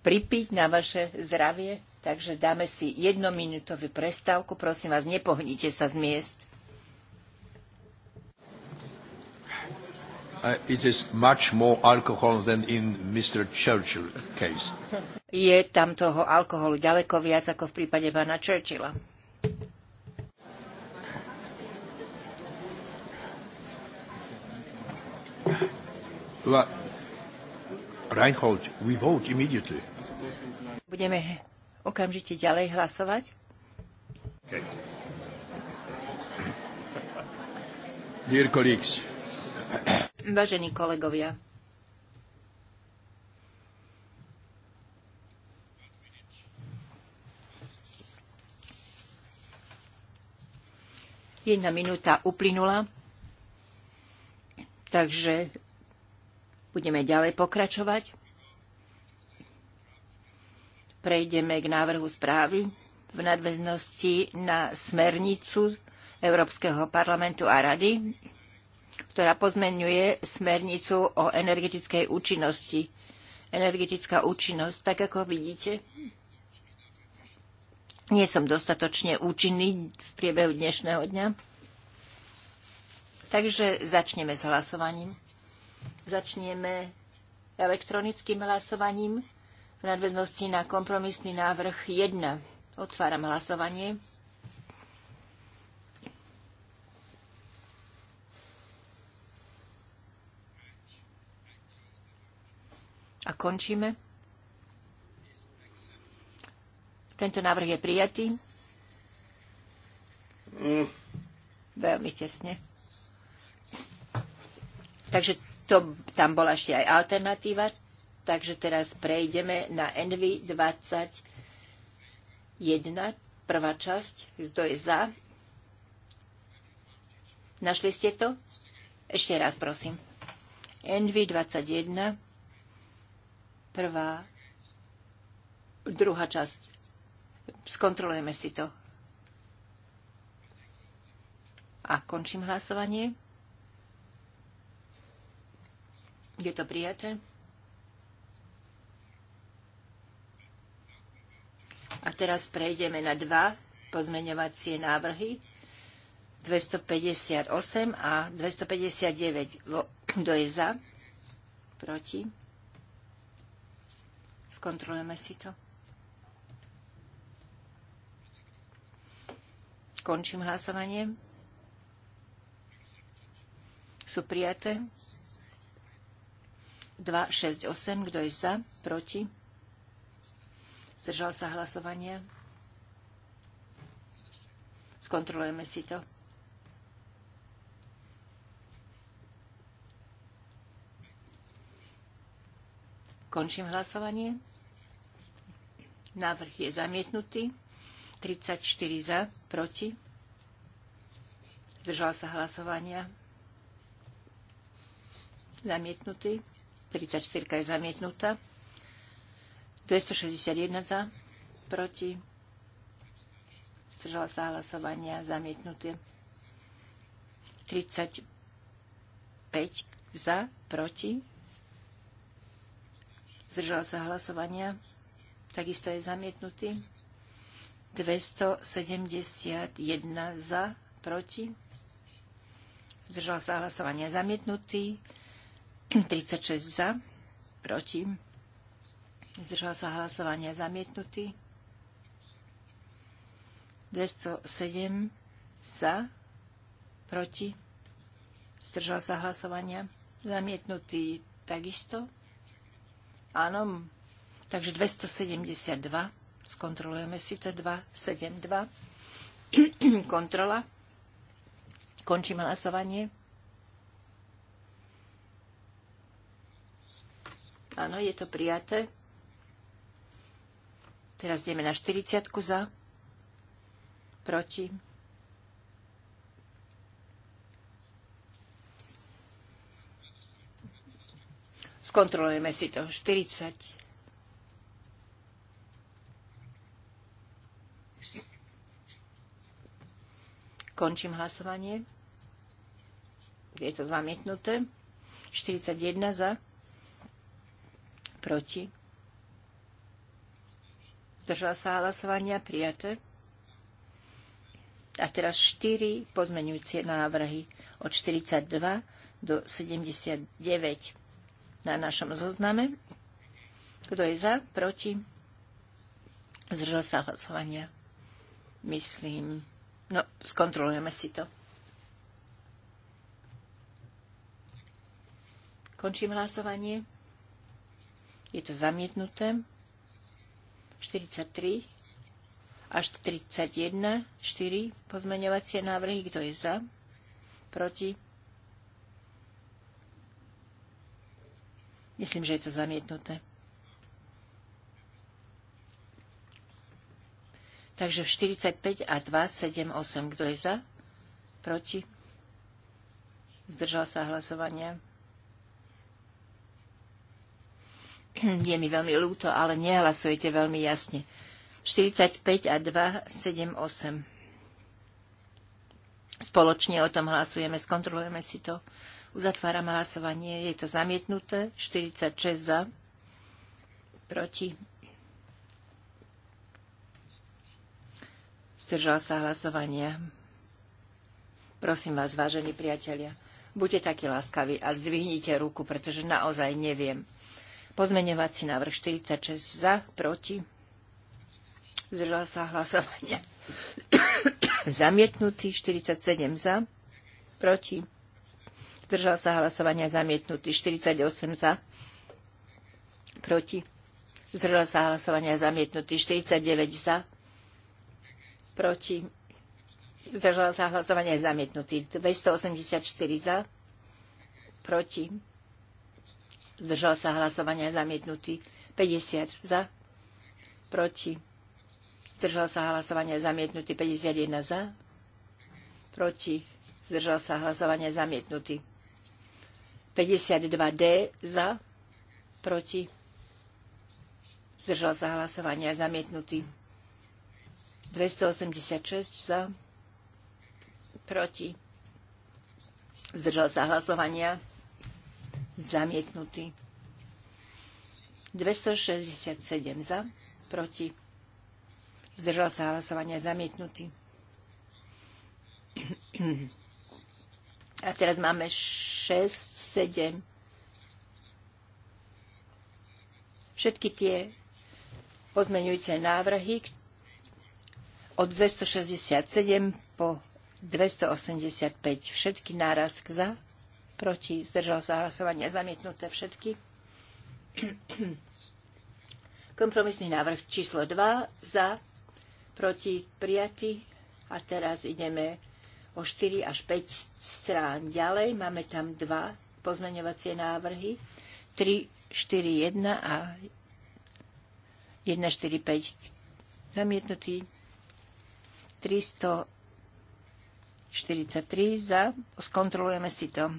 pripiť na vaše zdravie, takže dáme si jednominútovú prestávku. Prosím vás, nepohnite sa z miest. Uh, Je tam toho alkoholu ďaleko viac ako v prípade pána Churchilla. Reinhold, we vote immediately. Budeme okamžite ďalej hlasovať. Okay. Dear colleagues, Vážení kolegovia, jedna minúta uplynula, takže budeme ďalej pokračovať. Prejdeme k návrhu správy v nadväznosti na smernicu Európskeho parlamentu a rady ktorá pozmenuje smernicu o energetickej účinnosti. Energetická účinnosť, tak ako vidíte, nie som dostatočne účinný v priebehu dnešného dňa. Takže začneme s hlasovaním. Začneme elektronickým hlasovaním v nadväznosti na kompromisný návrh 1. Otváram hlasovanie. a končíme. Tento návrh je prijatý. Veľmi tesne. Takže to, tam bola ešte aj alternatíva. Takže teraz prejdeme na nv 21, prvá časť. Kto je za? Našli ste to? Ešte raz, prosím. Envy 21, Prvá, druhá časť. Skontrolujeme si to. A končím hlasovanie. Je to prijaté? A teraz prejdeme na dva pozmeňovacie návrhy. 258 a 259. Kto je za? Proti? Skontrolujeme si to. Končím hlasovanie. Sú prijaté. 2, 6, 8. Kto je za? Proti? Zdržal sa hlasovanie. Skontrolujeme si to. Končím hlasovanie. Návrh je zamietnutý. 34 za, proti. Zdržal sa hlasovania. Zamietnutý. 34 je zamietnutá. 261 za, proti. Zdržal sa hlasovania. Zamietnuté. 35 za, proti. Zdržal sa hlasovania takisto je zamietnutý. 271 za, proti. Zdržal sa hlasovanie zamietnutý. 36 za, proti. Zdržal sa hlasovania zamietnutý. 207 za, proti. Zdržal sa hlasovania zamietnutý takisto. Áno, Takže 272. Skontrolujeme si to 272. Kontrola. Končím hlasovanie. Áno, je to prijaté. Teraz ideme na 40 za. Proti. Skontrolujeme si to. 40. Končím hlasovanie. Je to zamietnuté. 41 za. Proti. Zdržala sa hlasovania. Prijaté. A teraz 4 pozmeňujúcie návrhy od 42 do 79 na našom zozname. Kto je za? Proti? Zdržal sa hlasovania. Myslím, No, skontrolujeme si to. Končím hlasovanie. Je to zamietnuté. 43 až 31, 4 pozmeňovacie návrhy. Kto je za? Proti? Myslím, že je to zamietnuté. Takže 45 a 2, 7, 8. Kto je za? Proti? Zdržal sa hlasovania. Je mi veľmi ľúto, ale nehlasujete veľmi jasne. 45 a 2, 7, 8. Spoločne o tom hlasujeme, skontrolujeme si to. Uzatváram hlasovanie, je to zamietnuté. 46 za, proti Zdržal sa hlasovania. Prosím vás, vážení priatelia, buďte takí láskaví a zdvihnite ruku, pretože naozaj neviem. Pozmeňovací návrh 46 za, proti. Zdržal sa hlasovania. Zamietnutý 47 za, proti. Zdržal sa hlasovania zamietnutý 48 za, proti. Zdržal sa hlasovania zamietnutý 49 za, proti, zdržala sa hlasovanie je zamietnutý. 284 za, proti, Zdržala sa hlasovanie zamietnutý. 50 za, proti, Zdržala sa hlasovanie zamietnutý. 51 za, proti, Zdržala sa hlasovanie zamietnutý. 52D za, proti, Zdržala sa hlasovanie zamietnutý. 286 za, proti, zdržal sa hlasovania, zamietnutý. 267 za, proti, zdržal sa hlasovania, zamietnutý. A teraz máme 6, 7. Všetky tie pozmeňujúce návrhy, od 267 po 285 všetky náraz za, proti, zdržal sa hlasovanie, zamietnuté všetky. Kompromisný návrh číslo 2 za, proti, prijatý. A teraz ideme o 4 až 5 strán ďalej. Máme tam dva pozmeňovacie návrhy. 3, 4, 1 a 1, 4, 5. Zamietnutý 343 za. Skontrolujeme si to.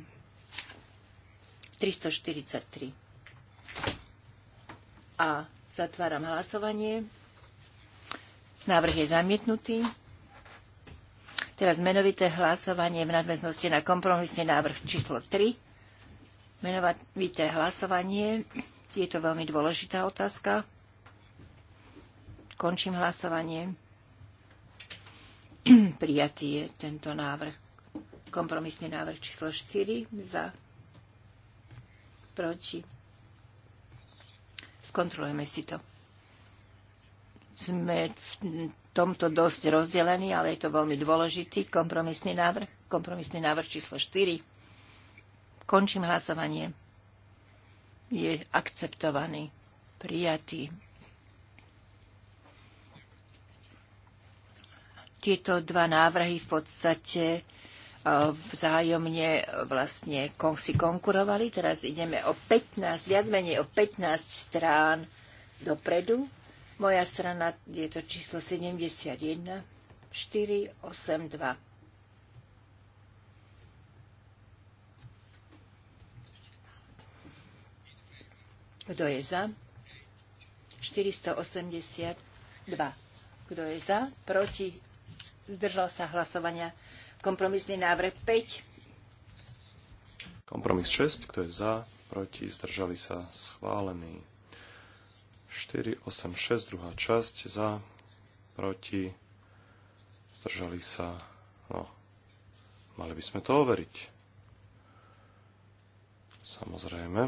343. A zatváram hlasovanie. Návrh je zamietnutý. Teraz menovité hlasovanie v nadväznosti na kompromisný návrh číslo 3. Menovité hlasovanie. Je to veľmi dôležitá otázka. Končím hlasovanie. Prijatý je tento návrh. Kompromisný návrh číslo 4 za proti. Skontrolujeme si to. Sme v tomto dosť rozdelení, ale je to veľmi dôležitý kompromisný návrh. Kompromisný návrh číslo 4. Končím hlasovanie. Je akceptovaný, prijatý. tieto dva návrhy v podstate e, vzájomne e, vlastne si konkurovali. Teraz ideme o 15, viac menej o 15 strán dopredu. Moja strana je to číslo 71, 4, 8, 2. Kto je za? 482. Kto je za? Proti? Zdržal sa hlasovania. Kompromisný návrh 5. Kompromis 6. Kto je za? Proti? Zdržali sa? Schválený. 4, 8, 6. Druhá časť. Za? Proti? Zdržali sa? No, mali by sme to overiť. Samozrejme.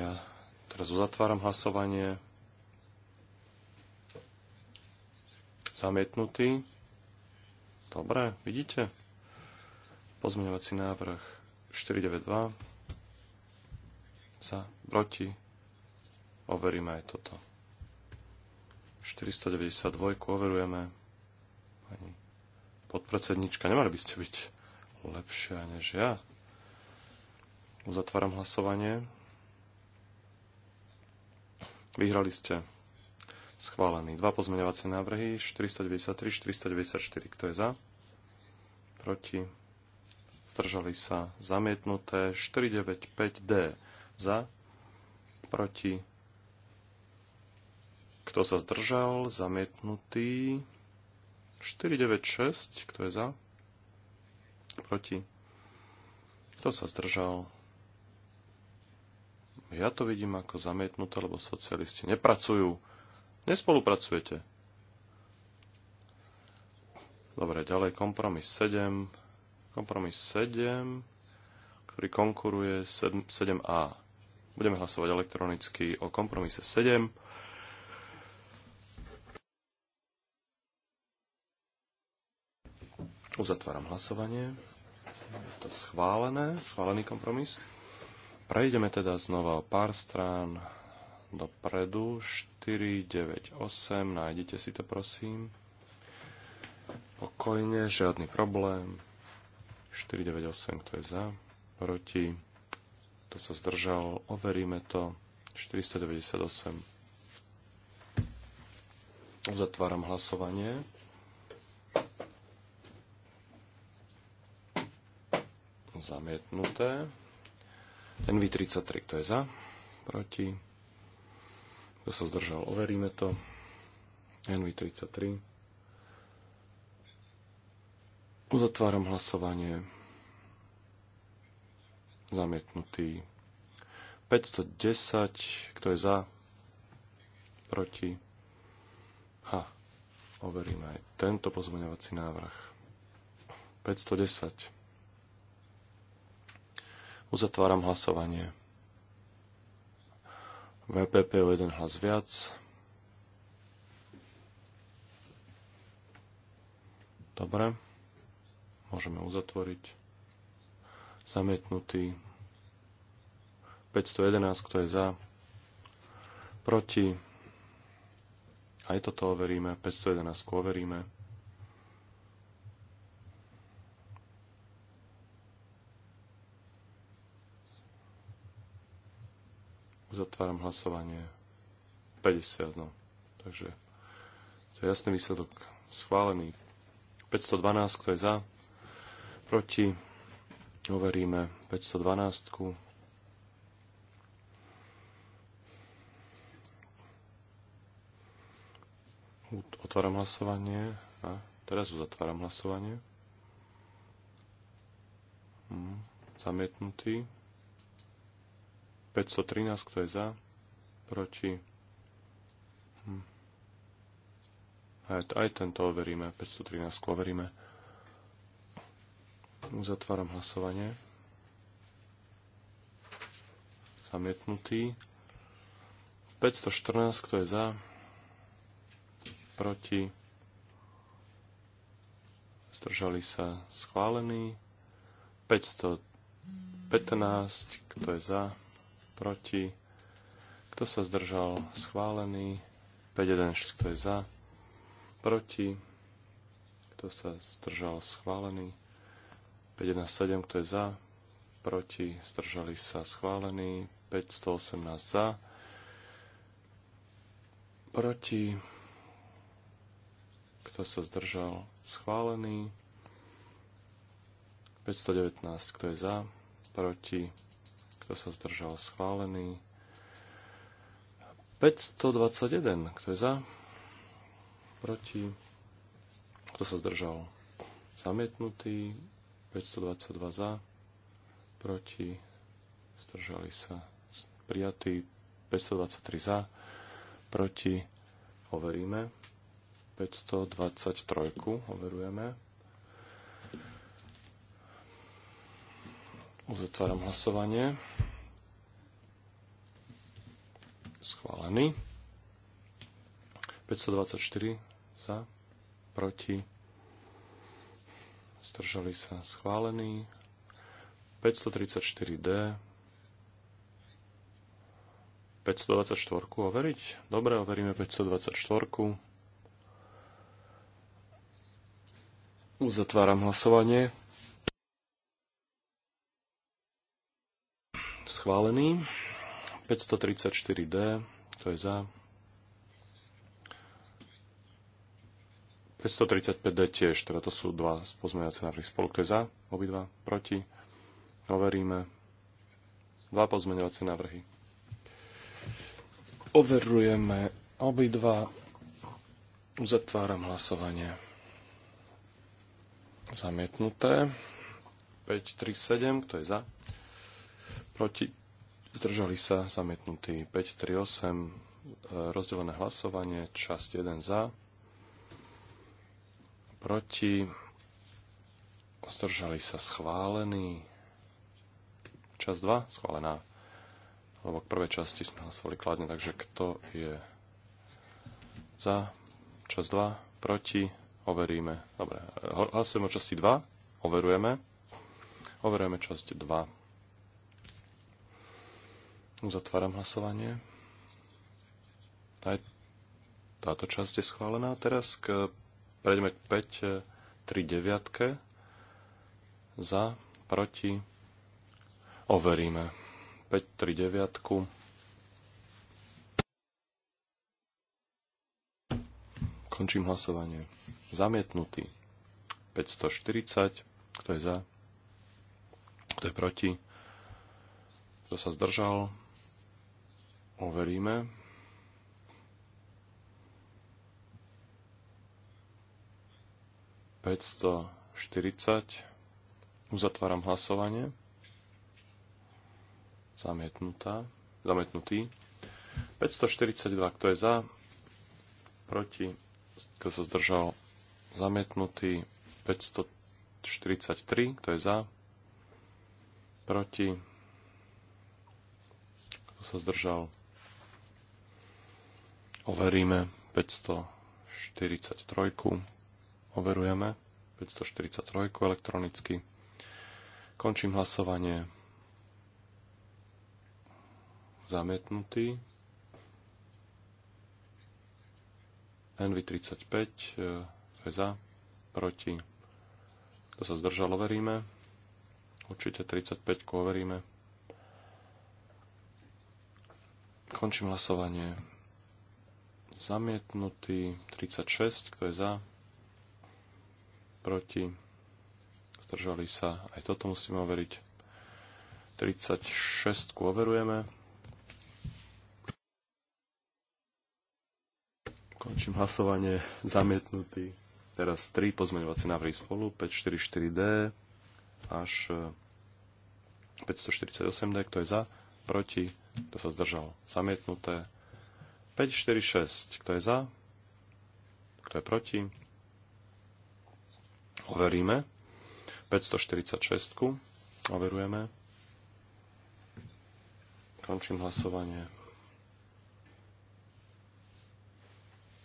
Ja teraz uzatváram hlasovanie. Zamietnutý. Dobre, vidíte? Pozmeňovací návrh 492. sa proti. Overíme aj toto. 492 overujeme. Pani podpredsednička, nemali by ste byť lepšia než ja. Uzatváram hlasovanie. Vyhrali ste schválený. Dva pozmeňovacie návrhy 493, 494. Kto je za? Proti? Zdržali sa zamietnuté 495D. Za? Proti? Kto sa zdržal? Zamietnutý 496. Kto je za? Proti? Kto sa zdržal? Ja to vidím ako zamietnuté, lebo socialisti nepracujú. Nespolupracujete. Dobre, ďalej kompromis 7. Kompromis 7, ktorý konkuruje 7, 7a. Budeme hlasovať elektronicky o kompromise 7. Uzatváram hlasovanie. Je to schválené, schválený kompromis. Prejdeme teda znova o pár strán dopredu. 498, nájdete si to prosím. Pokojne, žiadny problém. 498, kto je za, proti, kto sa zdržal, overíme to. 498. Uzatváram hlasovanie. Zamietnuté. NV33, kto je za? Proti? Kto sa zdržal? Overíme to. NV33. Uzatváram hlasovanie. Zamietnutý. 510. Kto je za? Proti? Ha. Overíme aj tento pozmeňovací návrh. 510. Uzatváram hlasovanie. VPP o jeden hlas viac. Dobre. Môžeme uzatvoriť. Zamietnutý. 511, kto je za. Proti. Aj toto overíme. 511 overíme. Zatváram hlasovanie. 50, no. Takže to je jasný výsledok. Schválený. 512, kto je za? Proti? Overíme 512. -ku. Otváram hlasovanie. A teraz uzatváram hlasovanie. Hm, zamietnutý. 513, kto je za, proti. Hm. Aj, aj tento overíme, 513 overíme. Uzatváram hlasovanie. Zamietnutý. 514, kto je za, proti. Zdržali sa schválení. 515, kto je za, proti, kto sa zdržal, schválený. 5.1.6, kto je za, proti, kto sa zdržal, schválený. 7, kto je za, proti, zdržali sa, schválený. 518 za, proti, kto sa zdržal, schválený. 519, kto je za, proti, kto sa zdržal schválený. 521, kto je za, proti, kto sa zdržal zamietnutý, 522 za, proti, zdržali sa prijatý, 523 za, proti, overíme, 523 overujeme. Uzatváram hlasovanie. Schválený. 524 za, proti, stržali sa schválený. 534D 524 overiť? Dobre, overíme 524. Uzatváram hlasovanie. Schválený. 534D, to je za. 535D tiež, teda to sú dva pozmeňovacie návrhy spolu, kto je za, obidva, proti. Overíme. Dva pozmeňovacie návrhy. Overujeme obidva. Uzatváram hlasovanie. Zamietnuté. 537, kto je za? proti, zdržali sa, zamietnutý 8, e, rozdelené hlasovanie, časť 1 za, proti, zdržali sa, schválený, časť 2, schválená, lebo k prvej časti sme hlasovali kladne, takže kto je za, časť 2, proti, overíme, dobre, e, hlasujeme o časti 2, overujeme, overujeme časť 2, Uzatváram hlasovanie. Aj táto časť je schválená. Teraz k, prejdeme k 5, 3, 9. Za, proti, overíme. 5, 3, 9. Končím hlasovanie. Zamietnutý. 540. Kto je za? Kto je proti? Kto sa zdržal? overíme. Päťsto štyridsať. Uzatváram hlasovanie. Zamietnutá. Zamietnutý. 542, kto je za? Proti? Kto sa zdržal? Zamietnutý. 543, kto je za? Proti? Kto sa zdržal? overíme 543. Overujeme 543 elektronicky. Končím hlasovanie. Zamietnutý. NV35 to eh, je za, proti. To sa zdržalo, veríme. Určite 35 overíme. Končím hlasovanie zamietnutý. 36, kto je za, proti, zdržali sa. Aj toto musíme overiť. 36 overujeme. Končím hlasovanie. Zamietnutý. Teraz 3 pozmeňovacie návrhy spolu. 544D až 548D. Eh, kto je za? Proti? Kto sa zdržal? Zamietnuté. 5, 4, 6. Kto je za? Kto je proti? Overíme. 546. Overujeme. Končím hlasovanie.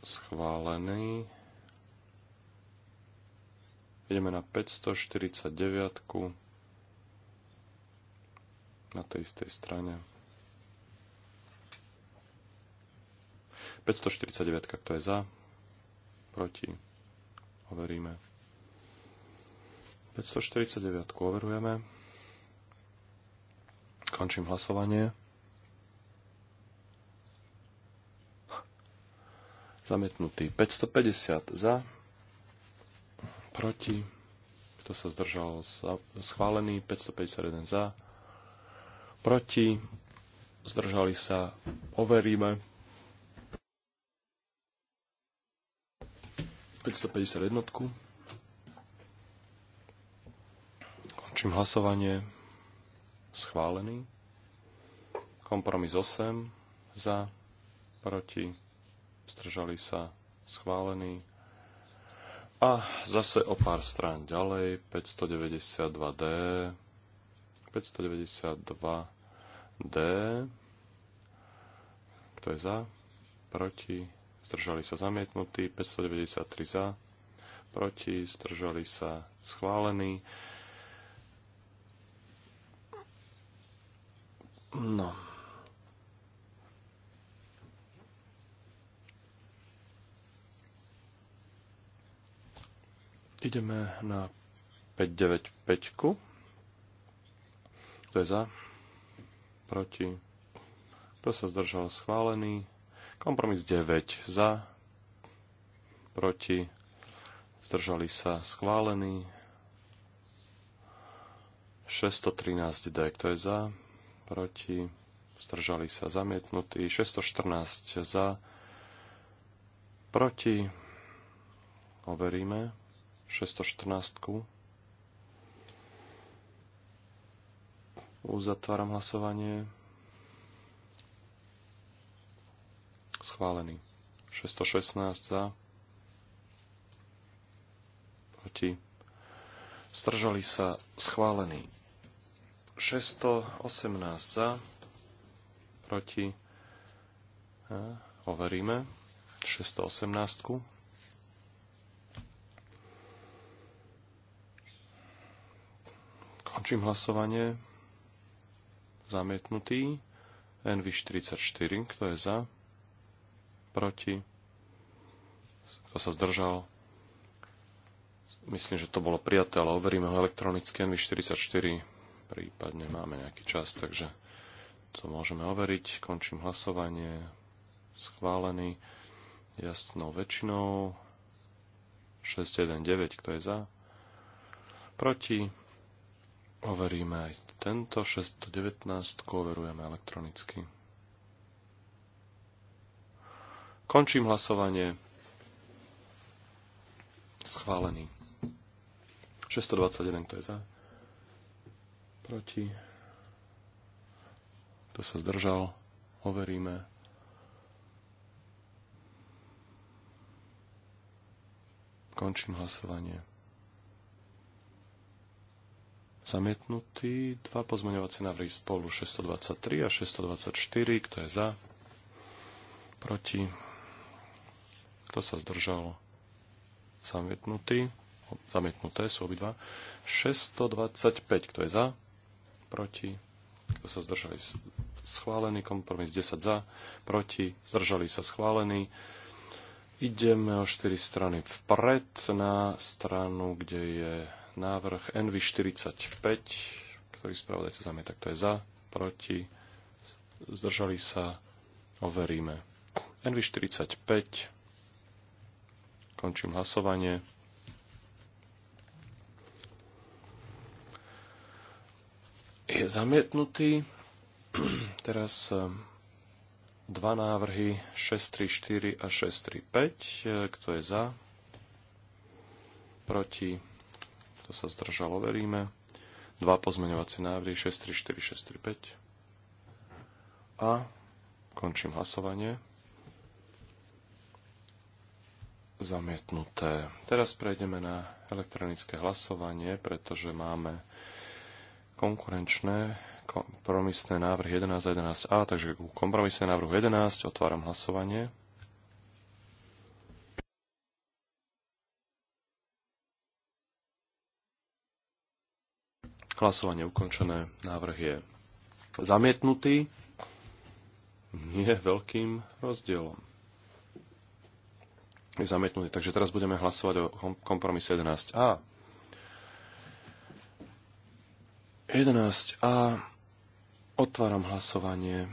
Schválený. Ideme na 549. Na tej istej strane. 549, kto je za, proti, overíme. 549 overujeme. Končím hlasovanie. Zamietnutý 550 za, proti, kto sa zdržal, schválený 551 za, proti, zdržali sa, overíme. 551. Končím hlasovanie. Schválený. Kompromis 8. Za. Proti. Stržali sa. Schválený. A zase o pár strán ďalej. 592D. 592D. Kto je za? Proti? zdržali sa zamietnutí, 593 za, proti, zdržali sa schválení. No. Ideme na 595. -ku. Kto je za? Proti? Kto sa zdržal schválený? Kompromis 9 za, proti, zdržali sa schválení. 613D, kto je za, proti, zdržali sa zamietnutí. 614 za, proti, overíme, 614. -ku. Uzatváram hlasovanie. schválený. 616 za, proti, stržali sa, schválený. 618 za, proti, ja, overíme, 618. -ku. Končím hlasovanie. Zamietnutý. NV44, kto je za? proti, kto sa zdržal. Myslím, že to bolo prijaté, ale overíme ho elektronicky. NV44 prípadne máme nejaký čas, takže to môžeme overiť. Končím hlasovanie. Schválený jasnou väčšinou. 619, kto je za? Proti. Overíme aj tento 619, overujeme elektronicky. Končím hlasovanie. Schválený. 621, kto je za? Proti? Kto sa zdržal? Overíme. Končím hlasovanie. Zamietnutý dva pozmeňovacie návrhy spolu 623 a 624. Kto je za? Proti? Kto sa zdržal? Zamietnutý. Zamietnuté sú obidva. 625. Kto je za? Proti. Kto sa zdržali? Schválený. Kompromis 10 za. Proti. Zdržali sa schválený. Ideme o 4 strany vpred na stranu, kde je návrh NV45, ktorý spravodajca zamieta, kto je za, proti, zdržali sa, overíme. NV45, Končím hlasovanie. Je zamietnutý. Teraz ehm, dva návrhy 634 a 635. E, kto je za? Proti? Kto sa zdržalo? Veríme. Dva pozmeňovacie návrhy 634, 635. A končím hlasovanie zamietnuté. Teraz prejdeme na elektronické hlasovanie, pretože máme konkurenčné kompromisné návrhy 11 a 11a, takže u kompromisné návrhu 11 otváram hlasovanie. Hlasovanie ukončené, návrh je zamietnutý, nie veľkým rozdielom je zamietnutý. Takže teraz budeme hlasovať o kompromise 11a. 11a. Otváram hlasovanie.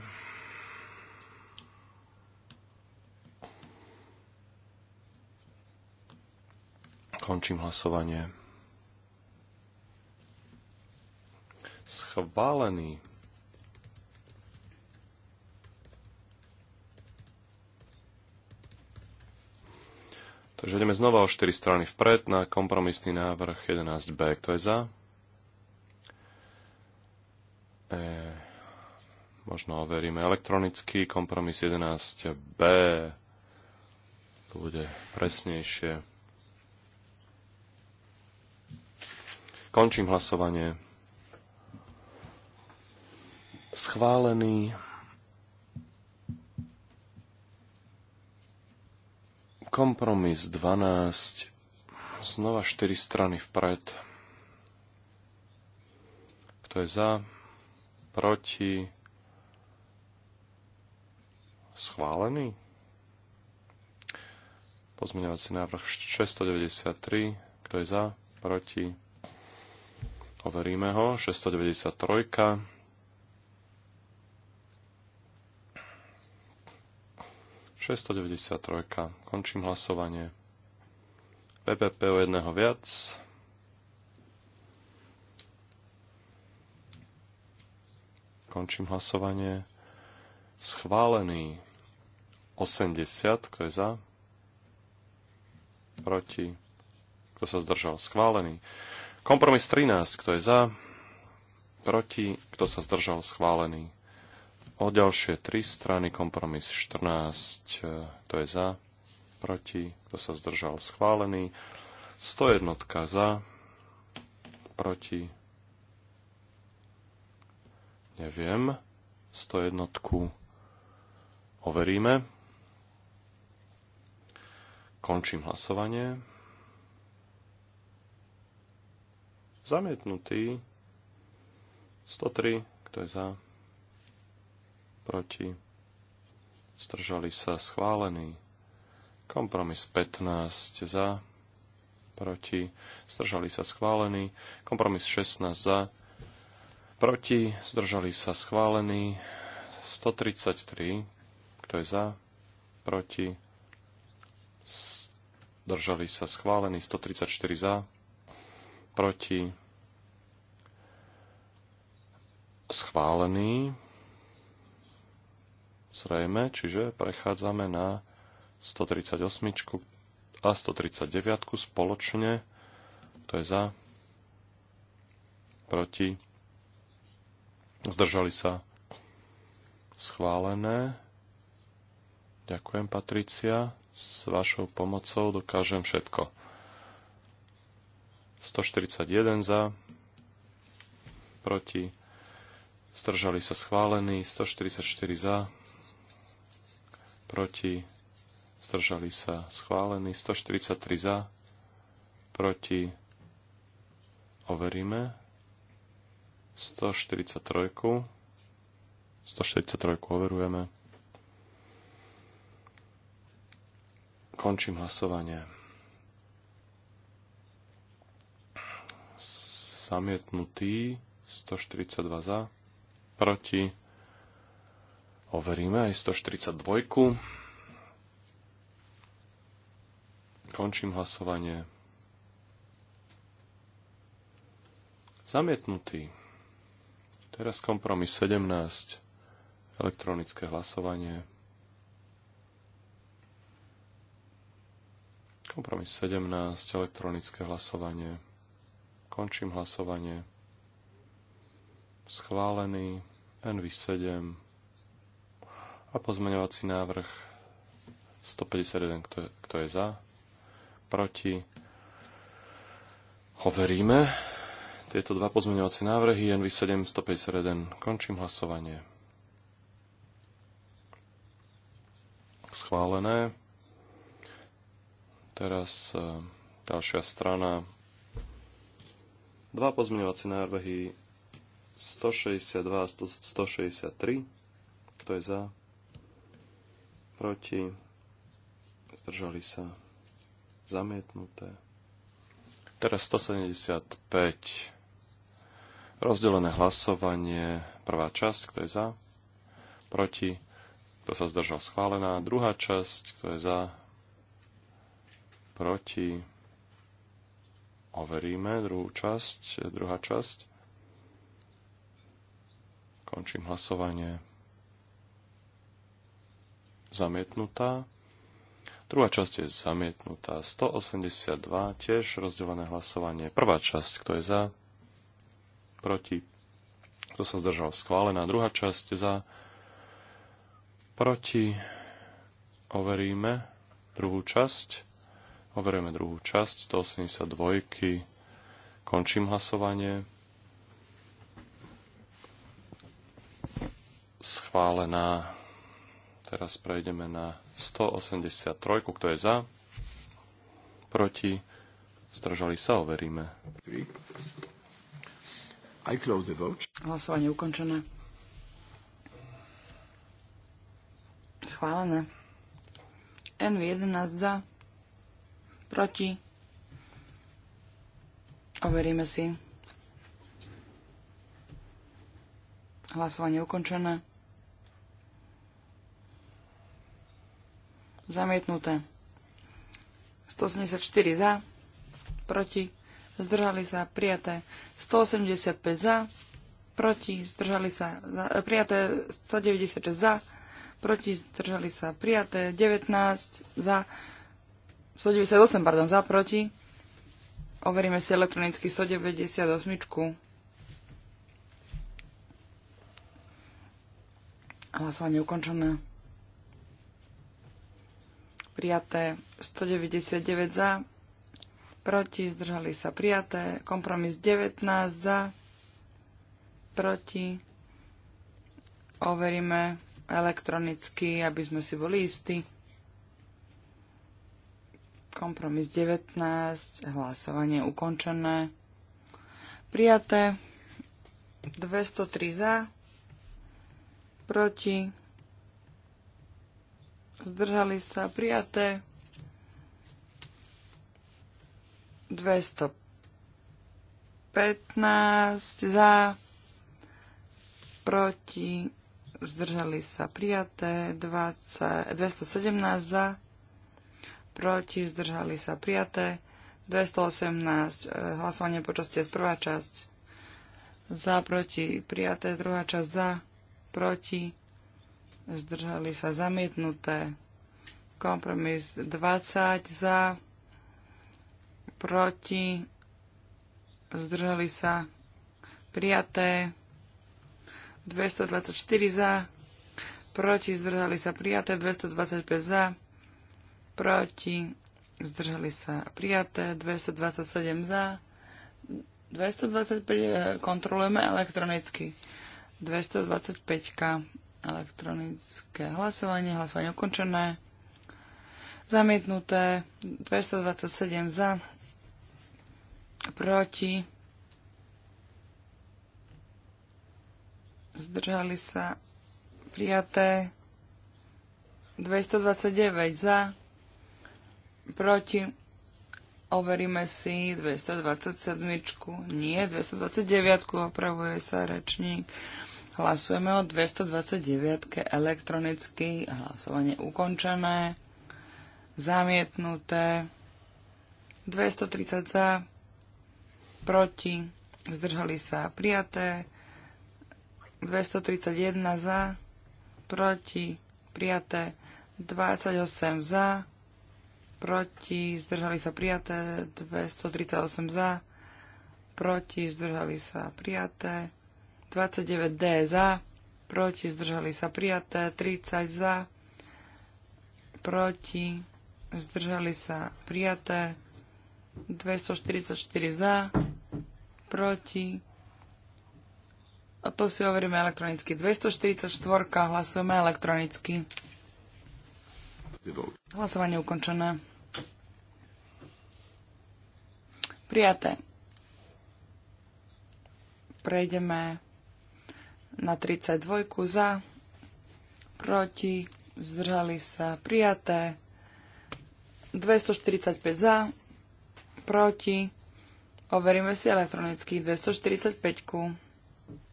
Končím hlasovanie. Schválený. Takže ideme znova o 4 strany vpred na kompromisný návrh 11b. Kto je za? E, možno overíme elektronicky. Kompromis 11b bude presnejšie. Končím hlasovanie. Schválený. Kompromis 12. Znova 4 strany vpred. Kto je za? Proti? Schválený? Pozmeňovací návrh 693. Kto je za? Proti? Overíme ho. 693. 693. Končím hlasovanie. PPP o jedného viac. Končím hlasovanie. Schválený 80, kto je za? Proti. Kto sa zdržal? Schválený. Kompromis 13, kto je za? Proti. Kto sa zdržal? Schválený. O ďalšie tri strany kompromis 14, e, to je za, proti, kto sa zdržal schválený. 101 za, proti, neviem, 101 overíme. Končím hlasovanie. Zamietnutý 103, kto je za, proti, zdržali sa schválený. Kompromis 15 za, proti, zdržali sa schválený. Kompromis 16 za, proti, zdržali sa schválený. 133, kto je za, proti, zdržali sa schválený. 134 za, proti, schválený zrejme, čiže prechádzame na 138 a 139 spoločne, to je za, proti, zdržali sa schválené. Ďakujem, Patricia, s vašou pomocou dokážem všetko. 141 za, proti, zdržali sa schválení, 144 za, proti, zdržali sa schválení, 143 za, proti, overíme, 143, 143 overujeme. Končím hlasovanie. Zamietnutý 142 za, proti Overíme aj 142. Končím hlasovanie. Zamietnutý. Teraz kompromis 17. Elektronické hlasovanie. Kompromis 17. Elektronické hlasovanie. Končím hlasovanie. Schválený. NV7 a pozmeňovací návrh 151, kto, kto je za, proti. Hoveríme. Tieto dva pozmeňovacie návrhy, NV7 151, končím hlasovanie. Schválené. Teraz e, ďalšia strana. Dva pozmeňovacie návrhy 162 a 163. Kto je za? proti, zdržali sa zamietnuté. Teraz 175 rozdelené hlasovanie, prvá časť, kto je za, proti, kto sa zdržal schválená, druhá časť, kto je za, proti, overíme druhú časť, druhá časť, končím hlasovanie zamietnutá. Druhá časť je zamietnutá. 182, tiež rozdelené hlasovanie. Prvá časť, kto je za, proti, kto sa zdržal, schválená. Druhá časť za, proti, overíme druhú časť. Overujeme druhú časť, 182. Končím hlasovanie. Schválená Teraz prejdeme na 183, kto je za, proti, zdržali sa, overíme. I close the vote. Hlasovanie ukončené. Schválené. NV11 za, proti, overíme si. Hlasovanie ukončené. Zamietnuté. 184 za, proti, zdržali sa, prijaté. 185 za, proti, zdržali sa, za, e, prijaté. 196 za, proti, zdržali sa, prijaté. 19 za, 198, pardon, za, proti. Overíme si elektronicky 198. Hlasovanie ukončené prijaté 199 za, proti, zdržali sa prijaté, kompromis 19 za, proti, overíme elektronicky, aby sme si boli istí. Kompromis 19, hlasovanie ukončené, prijaté 203 za, proti, zdržali sa prijaté 215 za, proti, zdržali sa prijaté 217 za, proti, zdržali sa prijaté 218 eh, hlasovanie počastie z prvá časť za, proti, prijaté druhá časť za, proti, zdržali sa zamietnuté. Kompromis 20 za, proti, zdržali sa prijaté. 224 za, proti, zdržali sa prijaté. 225 za, proti, zdržali sa prijaté. 227 za, 225 eh, kontrolujeme elektronicky. 225. Elektronické hlasovanie, hlasovanie ukončené. Zamietnuté 227 za, proti, zdržali sa prijaté 229 za, proti, overíme si 227, nie 229, opravuje sa rečník. Hlasujeme o 229 elektronicky. Hlasovanie ukončené. Zamietnuté. 230 za. Proti. Zdržali sa. Prijaté. 231 za. Proti. Prijaté. 28 za. Proti. Zdržali sa. Prijaté. 238 za. Proti. Zdržali sa. Prijaté. 29D za, proti, zdržali sa prijaté, 30 za, proti, zdržali sa prijaté, 244 za, proti, a to si overíme elektronicky. 244, hlasujeme elektronicky. Hlasovanie ukončené. Prijaté. Prejdeme na 32 za, proti, zdržali sa prijaté, 245 za, proti, overíme si elektronicky 245, -ku.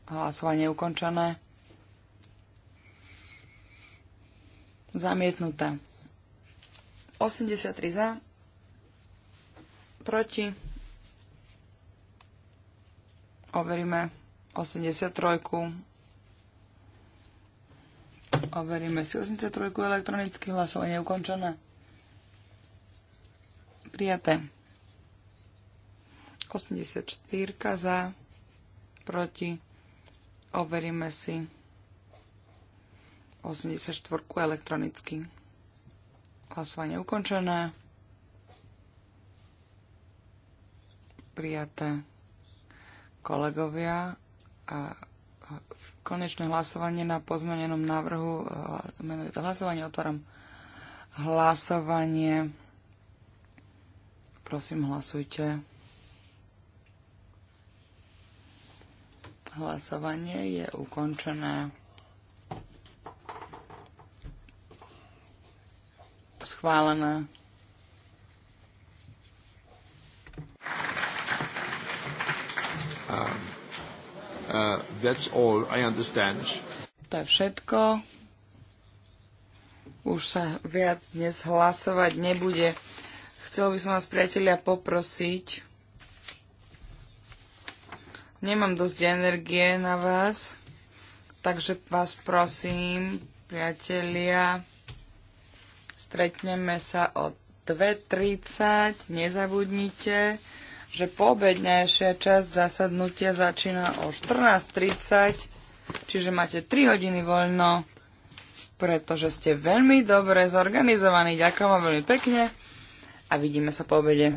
hlasovanie ukončené, zamietnuté, 83 za, proti, overíme 83, -ku. Overíme si 83 elektronicky, hlasovanie ukončené. Prijaté. 84 za, proti. Overíme si 84 elektronicky. Hlasovanie ukončené. Prijaté kolegovia a konečné hlasovanie na pozmenenom návrhu, e, menovité hlasovanie, otváram hlasovanie. Prosím, hlasujte. Hlasovanie je ukončené. Schválené. Um. Uh, that's all I understand. To je všetko. Už sa viac dnes hlasovať nebude. Chcel by som vás, priatelia, poprosiť. Nemám dosť energie na vás, takže vás prosím, priatelia, stretneme sa o 2.30, nezabudnite že poobednejšia časť zasadnutia začína o 14.30, čiže máte 3 hodiny voľno, pretože ste veľmi dobre zorganizovaní. Ďakujem vám veľmi pekne a vidíme sa po obede.